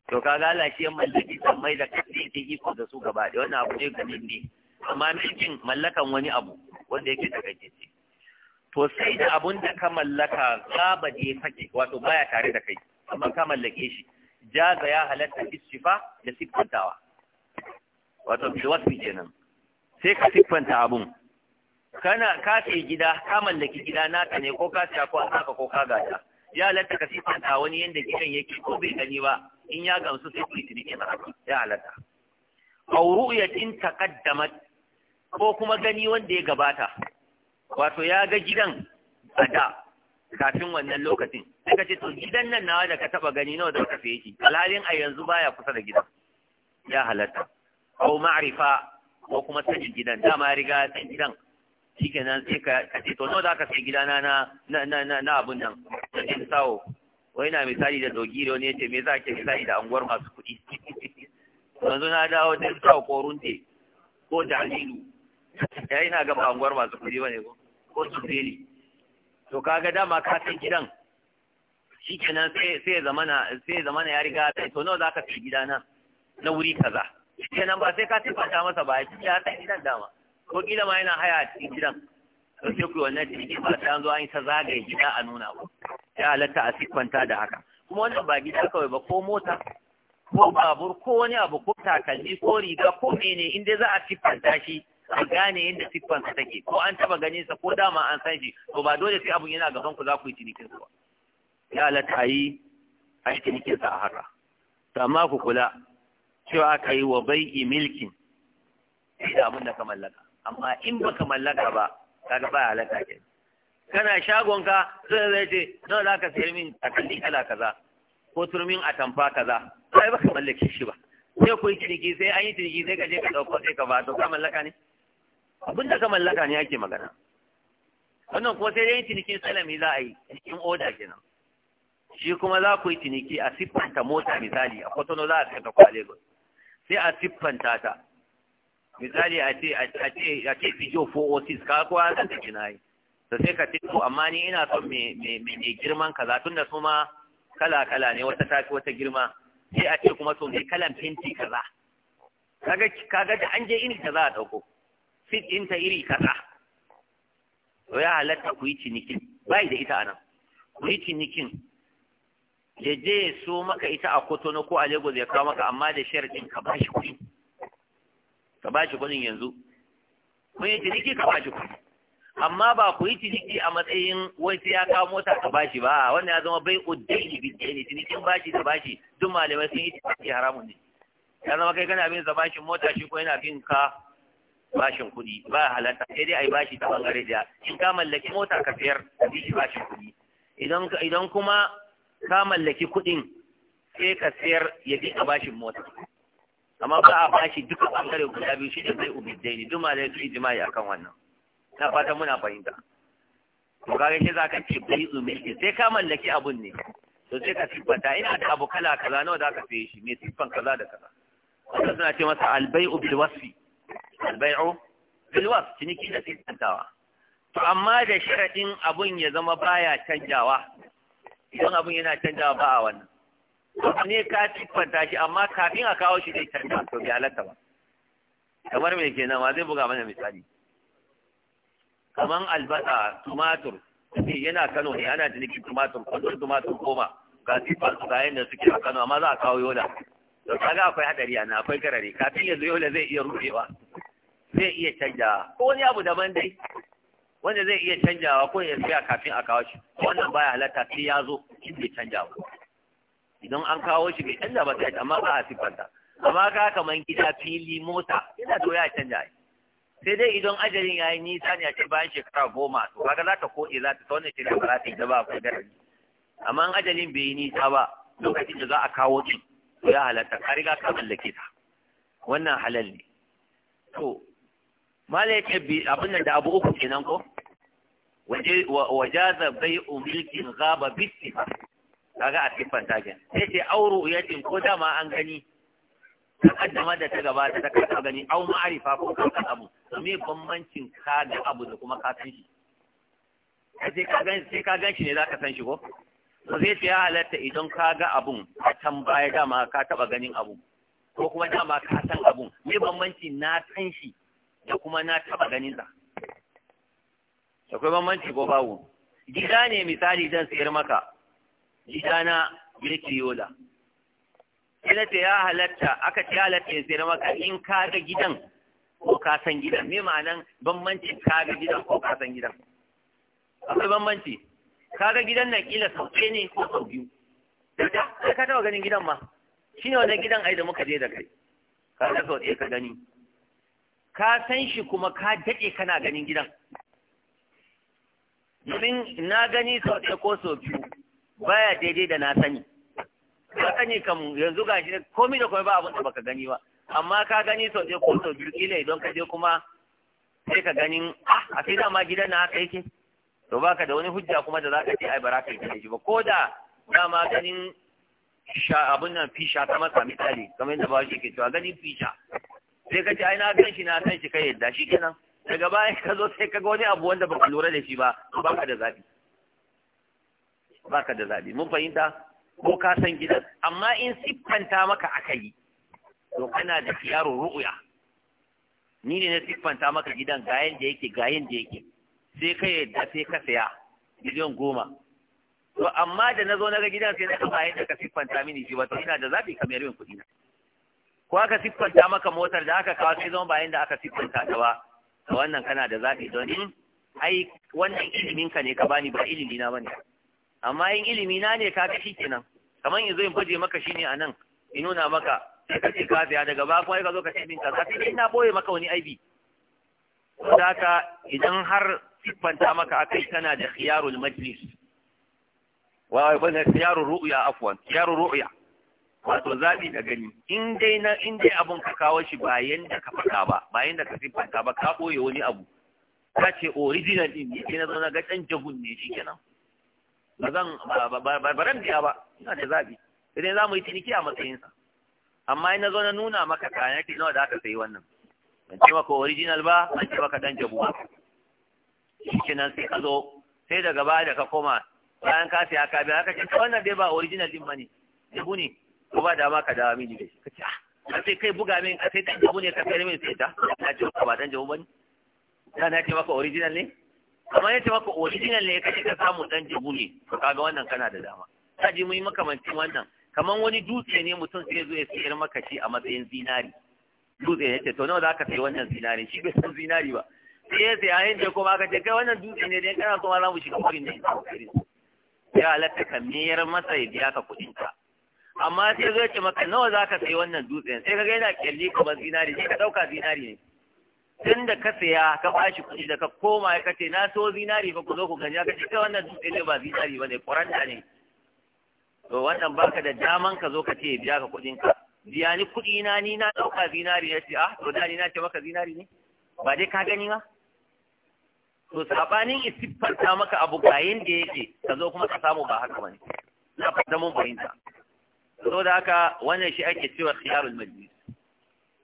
to kaga Allah shi mallaki sammai da kace yake iko da su gaba da wannan abu ne ga mimmi amma mijin mallakan wani abu wanda yake gece to sai da abun da ka mallaka ba je fake wato baya tare da kai amma ka mallake shi jaza ya halatta istifa da siffantawa wato bil wasfi kenan sai ka siffanta abun kana ka sai gida ka mallaki gida naka ne ko ka sha ko an saka ko ka gada ya halatta ka siffanta wani yanda gidan yake ko bai gani ba in ya gamsu sai ku yi tuni kenan ya halatta aw ru'yatin taqaddamat ko kuma gani wanda ya gabata wato ya ga gidan a da kafin wannan lokacin sai ka ce to gidan nan nawa da ka taba gani nawa da ka fiye shi alhalin a yanzu baya kusa da gidan ya halatta ko ma'rifa ko kuma sanin gidan dama ya riga san gidan shikenan sai ka ce to nawa za ka sai gidana na na na na abun nan da din sawo wai na misali da dogiro ne ce me za ke misali da anguwar masu kuɗi *laughs* yanzu na dawo da sawo ko runte ko dalilu ya yi na gaba anguwar masu kuɗi ba ne ko ko su ne to kaga dama ka san gidan shikenan sai sai zamana sai zamana ya riga sai to nawa zaka fi gida nan na wuri kaza shikenan ba sai ka tabbata masa ba ya san gidan dama ko kila ma yana haya a cikin gidan to sai ku wannan cikin ba ta zo an yi ta zagaye gida a nuna ba ya halatta a siffanta da haka kuma wannan ba gida kawai ba ko mota ko babur ko wani abu ko takalmi ko riga ko mene in dai za a siffanta shi a gane yadda siffansa take ko an taba ganin sa ko dama an san shi to ba dole sai abun yana gaban ku za ku yi cinikin ba ya ta yi a yi cinikin sa a harra to amma ku kula cewa aka yi wa bai'i milkin da abin da ka mallaka amma in ba ka mallaka ba kaga ba halatta ke kana shagonka sai zai ce nawa za ka sayar min takalli kala kaza ko turmin atamfa kaza sai ba ka mallake shi ba sai ku yi ciniki sai an yi ciniki sai ka je ka ɗauko sai ka ba to ka mallaka ne abin da ka mallaka ne ake magana wannan kuma sai dai cinikin salami za a yi cikin oda kenan shi kuma za ku yi ciniki a siffanta mota misali a kwatano za a saka ka a lagos sai a siffanta ta misali a ce a ce a ce fijo 406 ka kowa zan ta kina yi to sai ka tiko amma ni ina son me me me girman kaza tunda su ma kala kala ne wata tafi wata girma sai a ce kuma so ne kalan fenti kaza kaga kaga da an je ini kaza a dauko fit ɗinta iri kaza to ya halatta ku yi cinikin bai da ita anan ku yi cinikin ya je ya so maka ita a kotono ko a lagos ya kawo maka amma da sharaɗin ka ba shi kuɗi ka ba shi kuɗin yanzu kun yi ciniki ka ba shi kuɗi amma ba ku yi ciniki a matsayin wasu ya kawo mota ka bashi ba wannan ya zama bai uddai bi daini cinikin bashi da bashi duk malamai sun yi ciniki haramun ne ya zama kai kana bin zaba bashin mota shi ko yana bin ka bashin kuɗi ba halatta sai dai a yi bashi ta bangare da in ka mallaki mota ka sayar ka bi shi bashin kuɗi idan kuma ka mallaki kuɗin sai ka sayar ya bi a bashin mota amma ba a bashi duka bangare guda biyu shi da zai ubidai ne duma da su a akan wannan na fata muna fahimta to ga shi za ka ce bai umilki sai ka mallaki abun ne to sai ka siffanta ina da abu kala kaza nawa za ka sayi shi mai siffan kaza da kaza wannan suna ce masa albai ubi wasfi albai'u bilwas ciniki da tantantawa to amma da sharadin abun ya zama baya canjawa idan abun yana canjawa ba a wannan abu ne ka siffanta shi amma kafin a kawo shi zai canja to bai halatta ba kamar me kenan ma zai buga mana misali kaman albasa tumatur ne yana Kano ne ana ciniki tumatur kwallon tumatur goma ga siffar su ga suke a Kano amma za a kawo yola to kaga akwai hadari ana akwai karare kafin ya zo yau zai iya rubewa zai iya canjawa ko wani abu daban dai wanda zai iya canjawa ko ya tsaya kafin a kawo shi wannan baya halatta sai ya zo shi bai canja ba idan an kawo shi bai canja ba sai amma ba a sifanta amma ka kaman gida fili mota ina to ya canja sai dai idan ajalin yayi nisa ne a ce bayan shekara goma to kaga za ta ko za ta tauna shirya ba za ta yi da ba a garari amma ajalin bai yi nisa ba lokacin da za a kawo shi ya halatta ka riga ka mallake ta wannan halal ne to mala yake bi abin nan da abu uku kenan ko waje wajaza bai'u milkin ghaba bi sifa kaga a cikin tagen sai ce auru yatin ko dama an gani takaddama da ta gabata ta kai gani au ma'arifa ko kan abu me bambancin ka da abu da kuma ka san shi sai ka gani sai ka gani ne zaka san shi ko to zai ce ya halatta idan ka ga abun a can baya dama ka taba ganin abun ko kuma dama ka san abun me bambanci na san shi da kuma na taba ganin sa akwai bambanci ko bawo gida ne misali zan sayar maka gida na birki yola Ina ce ya halatta aka ce halatta ya sayar maka in ka ga gidan ko ka san gidan me ma'anan bambancin ka ga gidan ko ka san gidan akwai bambanci kaga gidan nan kila sau ɗaya ne ko sau biyu sai ka taɓa ganin gidan ma shi ne wannan gidan ai da muka je da kai kaga sau ɗaya ka gani ka san shi kuma ka daɗe kana ganin gidan domin na gani sau ɗaya ko sau biyu baya daidai da na sani ka sani kam yanzu shi komai da komai ba abin da baka gani ba amma ka gani sau ɗaya ko sau biyu kila idan ka je kuma sai ka ganin ah, a sai dama gidan na haka yake to baka da wani hujja kuma da zaka ce ai baraka ka shi ba ko da dama ganin sha abun nan fisha ta masa misali kamar yadda bawo ke cewa ganin fisha sai ka ce ai na san shi na san shi kai yadda shikenan daga baya ka zo sai ka ga wani abu wanda baka lura da shi ba baka da zabi baka da zabi mun fahimta ko ka san gidan amma in siffanta maka aka yi to kana da yaro ru'uya ni ne na siffanta maka gidan ga yanda yake ga yanda yake sai ka yadda sai ka saya miliyan goma to amma da na zo na ga gidan sai na kama yadda ka siffanta mini shi ba to ina da zaɓi kamar yawan kuɗi na ko aka siffanta maka motar da aka kawo sai zama ba yadda aka siffanta ta ba da wannan kana da zaɓi don in ai wannan ilimin ka ne ka bani ba ilimi na bane amma in ilimi na ne ka ga kenan kamar yanzu in baje maka shine a nan in nuna maka sai ka ce ka saya daga ba kuma ka zo ka ce min ka sai ina boye maka wani aibi saboda haka idan har siffanta maka a kai tana da khiyarul majlis wa wani khiyarul ru'ya afwan khiyarul ru'ya wato zabi da gani in dai na in dai abun ka kawo shi ba yanda ka faɗa ba ba yanda ka siffanta ba ka ɓoye wani abu ka ce original din ne ke na zo na ga ɗan jahun ne shi kenan ba zan baran biya ba ina da zabi idan za mu yi ciniki a matsayinsa amma ina zo na nuna maka kayan ki nawa da aka sayi wannan ban ce maka original ba ban ce maka ɗan jabu ba shi nan sai ka zo sai daga baya da ka koma bayan ka siya ka biya ka ce wannan dai ba original din bane dubu ne ko ba dama ka dawo mini dai ka ce ah sai kai buga min a sai dan dubu ne ka kai min sai ta na ce ba dan dubu bane da na ce maka original ne amma ya ce maka original ne kace ka samu dan dubu ne to kaga wannan kana da dama ka ji mu yi makamancin wannan kaman wani dutse ne mutum sai zo ya sayar maka shi a matsayin zinari dutse ne ce to nawa zaka sayi wannan zinari shi bai san zinari ba sai ya saya yin kuma aka ce kai wannan dutse ne dai kana kuma za mu shiga wurin ne ya halatta ka masa ya biya ka kuɗin amma sai zai ce maka nawa za ka sayi wannan dutsen sai ka ga yana kyalli kamar zinari sai ka ɗauka zinari ne tun da ka saya ka bashi kudi da ka koma ya kace na so zinari ba ku zo ku gani ka ce kai wannan dutse ne ba zinari ba ne kuranta ne to wannan baka da daman ka zo ka ce ya biya ka kuɗin ka biya ni kudi na ni na ɗauka zinari ya ce ah to da ni na ce maka zinari ne ba dai ka gani ba to sabanin istiffarta maka abu kayan da yake ka zo kuma ka samu ba haka bane na fata mun fahimta da haka wannan shi ake cewa khiyarul majlis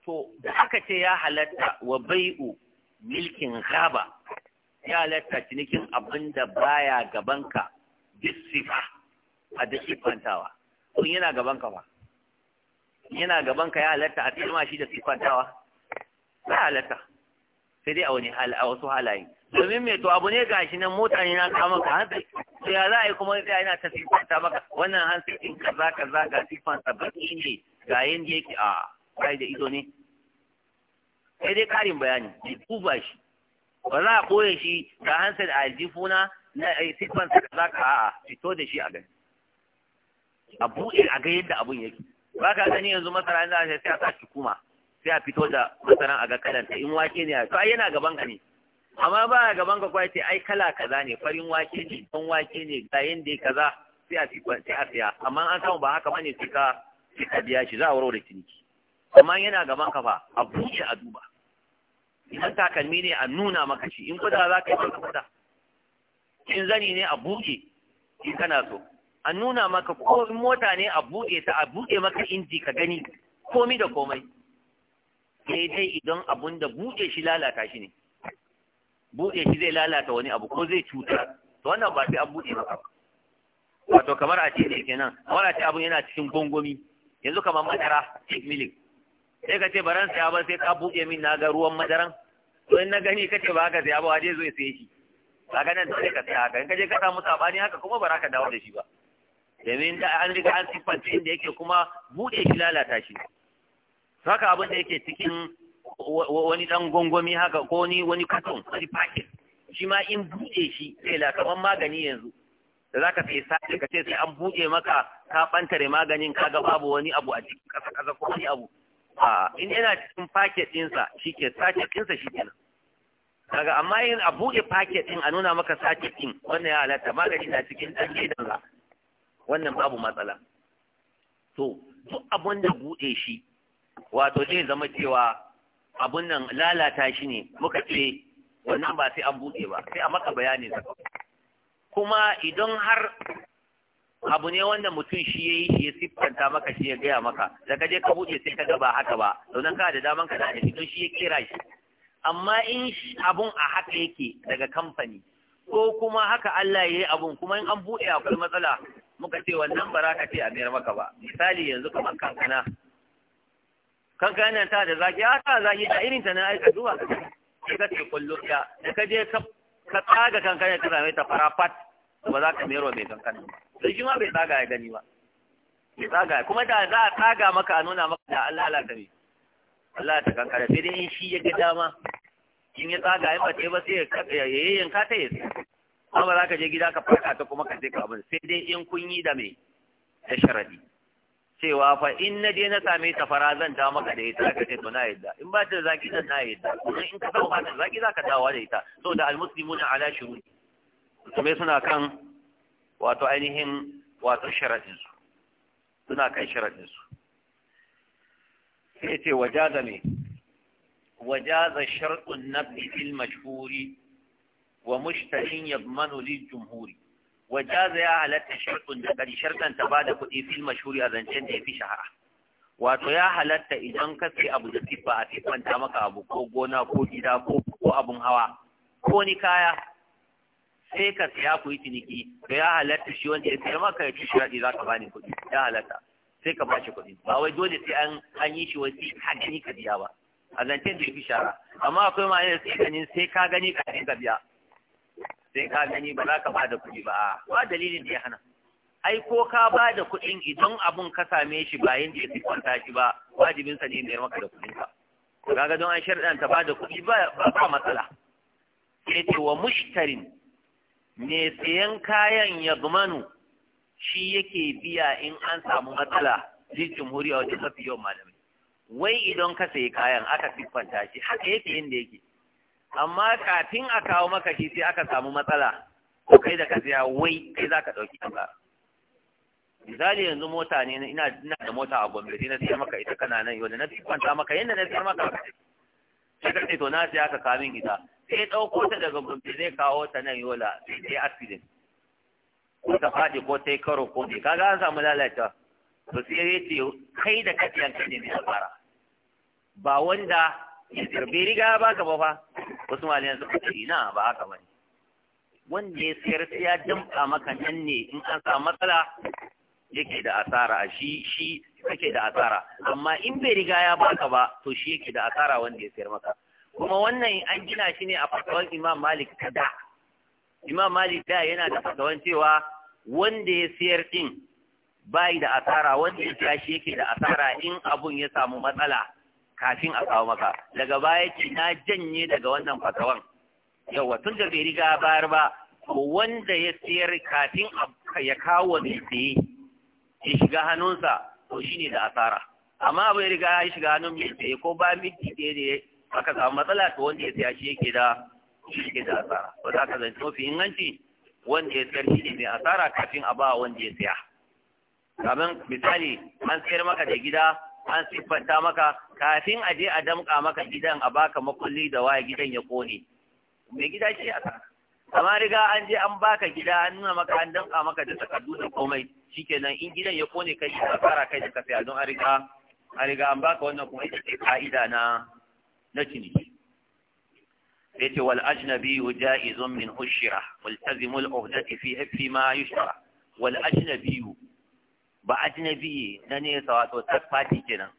to da aka ce ya halatta wa bai'u milkin ghaba ya halatta cinikin abin da baya gabanka bisifa a da sifantawa to yana gabanka ba yana gabanka ya halatta a tsirma shi da sifantawa ya halatta sai dai a wani hal a wasu halaye domin me to abu ne gashi nan mota ne na kama ka hansi Sai ya zaa yi kuma sai yana ta sifanta maka wannan hansi din kaza kaza ga sifanta baki ne ga yanda yake a kai da ido ne sai dai karin bayani bai kuba shi ba za a koya shi ga hansi da aljifuna na eh, sifanta kaza ka a'a fito da shi a gani a buɗe a ga yadda abun yake ba ka gani yanzu masara yanzu a sai a sa shi kuma sai a fito da masaran a ga kalanta in wake ne to ai yana gaban ka ne amma ba a gaban ka kwa ce ai kala kaza ne farin wake ne don wake ne ga yanda kaza sai a sai a siya amma an samu ba haka bane sai ka ka biya shi za a wuro da ciniki amma yana gaban ka fa a buce a duba idan takalmi ne a nuna maka shi in kuda za ka yi ka kuda in zani ne a buɗe in kana so a nuna maka ko mota ne a buɗe ta a buɗe maka inji ka gani komi da komai sai dai idan abun da buɗe shi lalata shi ne buɗe shi zai lalata wani abu ko zai cutar to wannan ba sai an buɗe maka wato kamar a ce ne kenan kamar a ce abun yana cikin gongomi yanzu kamar madara cik milik sai ka ce baran saya ba sai ka buɗe min na ga ruwan madaran to in na gani ka ce ba haka saya ba waje zo ya saye shi ka ga nan sai ka saya haka in ka je ka samu sabani haka kuma ba za ka dawo da shi ba domin da an riga an siffanta inda yake kuma buɗe shi lalata shi haka abin da yake cikin wani dan gongomi haka ko ni wani katon wani paket. shi ma in buɗe shi sai la kaman magani yanzu da zaka sai sai ka ce sai an buɗe maka ka bantare maganin kaga babu wani abu a cikin kasa kasa ko wani abu a in yana cikin packet ɗinsa shike sa ɗinsa shikenan kaga amma in a buɗe paket ɗin a nuna maka sachet ɗin wannan ya halatta magani na cikin ɗan gidan wannan babu matsala to duk abin da buɗe shi wato zai zama cewa abun nan lalata shi ne muka ce wannan ba sai an buɗe ba sai a maka bayani kuma idan har abu ne wanda mutum shi ya yi shi ya siffanta maka shi ya gaya maka da ka je ka buɗe sai ka ga ba haka ba domin ka da daman ka da shi don shi ya kira shi amma in abun a haka yake daga kamfani ko kuma haka Allah ya yi abun kuma in an buɗe akwai matsala muka ce wannan ba za ka ce a mayar maka ba misali yanzu kamar kankana kanka yana ta da zaki ya ta zaki da irin ta na aika zuwa sai ka ce kullu ya da ka je ka tsaga kanka ya ta mai ta farafat ba za ka mero mai kankan ba sai shi ma bai tsaga ya gani ba bai tsaga kuma da za a tsaga maka a nuna maka da Allah Allah ta ne Allah ta kankara sai dai shi ya ga dama in ya tsaga ya bace ba sai ya ka ta yi amma ba za ka je gida ka farka ta kuma ka sai ka abin sai dai in kun yi da mai da sharadi cewa fa in na je na same ta fara zan dawo maka da ita aka ce to na yadda in ba ta da zaki zan na yadda kuma in ka san ba ta zaki zaka dawo da ita so da almuslimuna ala shurut kuma suna kan wato ainihin wato sharadin su suna kan sharadin su sai ce wajaza me wajaza shar'un nabi fil mashhuri wa mushtahin yadmanu lil jumhuri wajaza ya halatta shirkun da ƙari shirkan ta bada kuɗi fil mashuri a zancen da ya fi shahara wato ya halatta idan ka sai abu da siffa a siffanta maka abu ko gona ko gida ko ko abun hawa ko ni kaya sai ka siya ku yi ciniki to ya halatta shi wanda ya sayar maka ya ci shiraɗi za ka bani kuɗi ya halatta sai ka bashi kuɗi ba wai dole sai an an yi shi wasi a gani ka biya ba a zancen da ya fi shahara amma akwai ma'anar sai ganin sai ka gani ka biya sai ka gani ba za ka ba da kuɗi ba ba dalilin da ya hana ai ko ka ba da kuɗin idan abun ka same shi ba da ya kwanta shi ba wajibinsa ne mai maka da kuɗin ka ga don an sharɗan ta ba da kuɗi ba ba matsala sai ce wa mushtarin me sayan kayan ya gumanu shi yake biya in an samu matsala jin jumhuriya wajen mafi yawan malamai wai idan ka sayi kayan aka siffanta shi haka yake inda yake amma kafin a kawo maka shi sai aka samu matsala ko kai da ka siya wai kai za ka ɗauki ba misali yanzu mota ne ina ina da mota a gombe sai na siya maka ita kana nan yau da na kwanta maka yadda na siya maka sai ka ce to na siya ka kamin ita sai ɗauko ta daga gombe zai kawo ta nan yola sai accident ko ta faɗi ko ta yi karo ko ne kaga an samu lalata. to sai ya ce kai da kaciyan kaɗe ne a fara ba wanda bai riga ya baka ba fa wasu malayan su ce na ba haka bane wanda ya sayar sai ya damka maka nan ne in an samu matsala yake da asara shi shi kake da asara amma in bai riga ya baka ba to shi yake da asara wanda ya sayar maka kuma wannan an gina shi ne a fatawan Imam Malik ta da Imam Malik da yana da fatawan cewa wanda ya sayar din bai da asara wanda ya shi yake da asara in abun ya samu matsala kafin a kawo maka daga baya ce na janye daga wannan fatawan yawa tun da bai riga bayar ba ko wanda ya siyar kafin ya kawo mai siye ya shiga hannunsa to shine da asara amma bai riga ya shiga hannun mai siye ko ba miti ɗaya ne aka samu matsala to wanda ya siya shi yake da yake da asara ba za ka zance mafi inganci wanda ya siyar shi ne mai asara kafin a ba wanda ya siya kamar misali an siyar maka da gida an siffanta maka kafin a je a damƙa maka gidan a baka makulli da waya gidan ya kone mai gida ce ka. amma riga an je an baka gida an nuna maka an damƙa maka da takardu da komai nan, in gidan ya kone kai shi, fara kai da kafiya don a riga a riga an baka wannan kuma ita ce ka'ida na na ciniki yace wal ajnabi ja'izun min hushira wal tazimul ohdati fi ma yushra wal ajnabi ba ji na na nesa wato third party kenan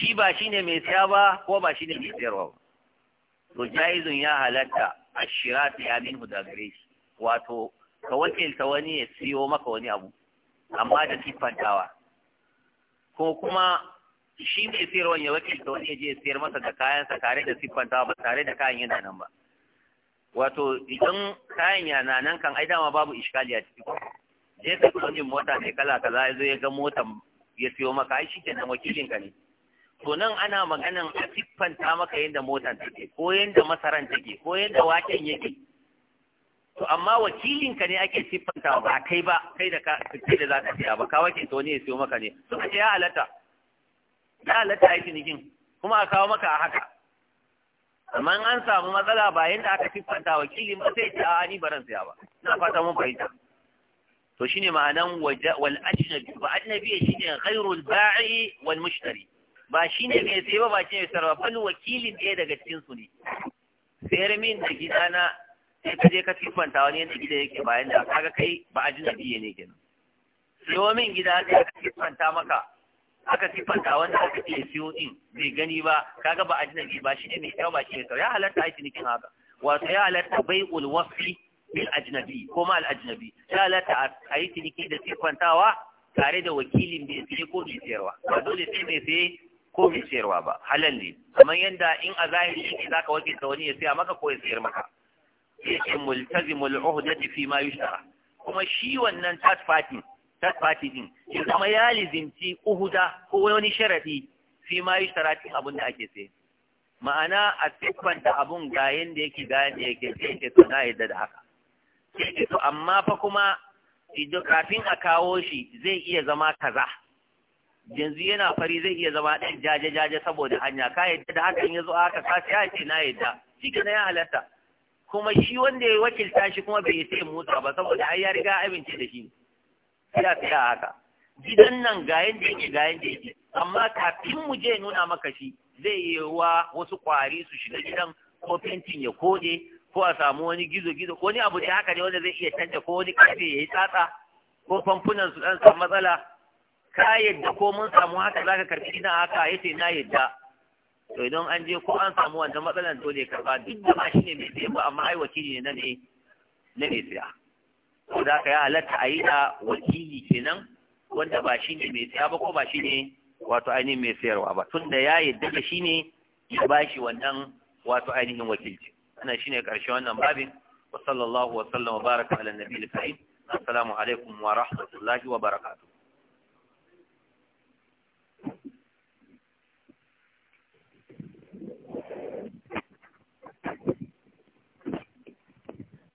shi ba shine mai siya ba ko ba shine mai siyarwa ba to jaizun ya halatta a shira ta ya min da gare shi wato ka wakilta wani ya siyo maka wani abu amma da siffantawa ko kuma shi mai siyarwa ya wakilta wani ya je siyar masa da kayansa tare da siffantawa ba tare da kayan yana nan ba wato idan kayan yana nan kan ai dama babu iskali a cikin je ka so ne mota ne kala kaza ya zo ya ga motan ya siyo maka ai shi kenan wakilin ka ne to nan ana maganan a siffanta maka yadda motan take ko yadda masaran take ko yadda waken yake to amma wakilin ka ne ake siffanta ba kai ba kai da ka kai da zaka siya ba ka wake to ne ya siyo maka ne to ce ya halatta ya halatta ai cinikin kuma a kawo maka a haka amma an samu matsala ba yadda aka siffanta wakilin ba sai ta ani baran siya ba ina fata mun fahimta to shine ma'anan wal ajnabi ba ajnabi shine ghairul ba'i wal mushtari ba shine mai sai ba ba shine mai sarwa fal wakilin ɗaya daga cikin su ne sayar min da gida na sai ka je ka tifanta wani yanda gida yake bayan da kaga kai ba ajnabi ne kenan Sai min gida sai ka tifanta maka aka sifanta wanda aka ce siyo din bai gani ba kaga ba ajnabi ba shi ne mai kyau ba shi ne kyau ya halatta aiki nikin haka wato ya halatta bai'ul wasfi bil ajnabi ko ma al ajnabi lata a yi ciniki da siffantawa tare da wakilin mai saye ko mai sayarwa ba dole sai mai saye ko mai sayarwa ba halal ne kamar yadda in a zahiri shi ka zaka wakilta wani ya saya maka ko ya sayar maka yake multazimul uhdati fi ma yushtara kuma shi wannan third party third party din shi kuma ya lizinci uhuda ko wani sharadi fi ma yushtara cikin abin da ake saye ma'ana a siffanta abun ga yanda yake ga da yake tsaye ke to na yadda da haka to amma fa kuma idan kafin a kawo shi zai iya zama kaza yanzu yana fari zai iya zama ɗan jaje jaje saboda hanya ka yadda da hakan ya zo aka sace ya ce na yadda shi na ya halatta kuma shi wanda ya wakilta shi kuma bai sai motsa ba saboda ai ya riga abinci da shi ya tsaya haka gidan nan ga yanda yake ga yanda yake amma kafin mu je nuna maka shi zai yi wa wasu kwari su shiga gidan ko fentin ya kode ko a samu wani gizo-gizo ko wani abu da haka ne wanda zai iya canja ko wani ƙarfe ya yi tsatsa ko famfunan su ɗan samu matsala ka yadda ko mun samu haka za ka karɓi ina haka ya ce na yadda to idan an je ko an samu wannan matsalan dole ya karɓa duk da ba shi ne mai tsaye ba amma ai wakili ne na ne na mai ko za ka yi halatta a yi da wakili kenan wanda ba shi ne mai tsaye ba ko ba shi ne wato ainihin mai sayarwa ba tun da ya yadda da shi ne ya ba shi wannan wato ainihin wakilci wannan shine karshe wannan babin wa sallallahu wa sallama baraka ala nabiyil karim assalamu alaikum wa rahmatullahi wa barakatuh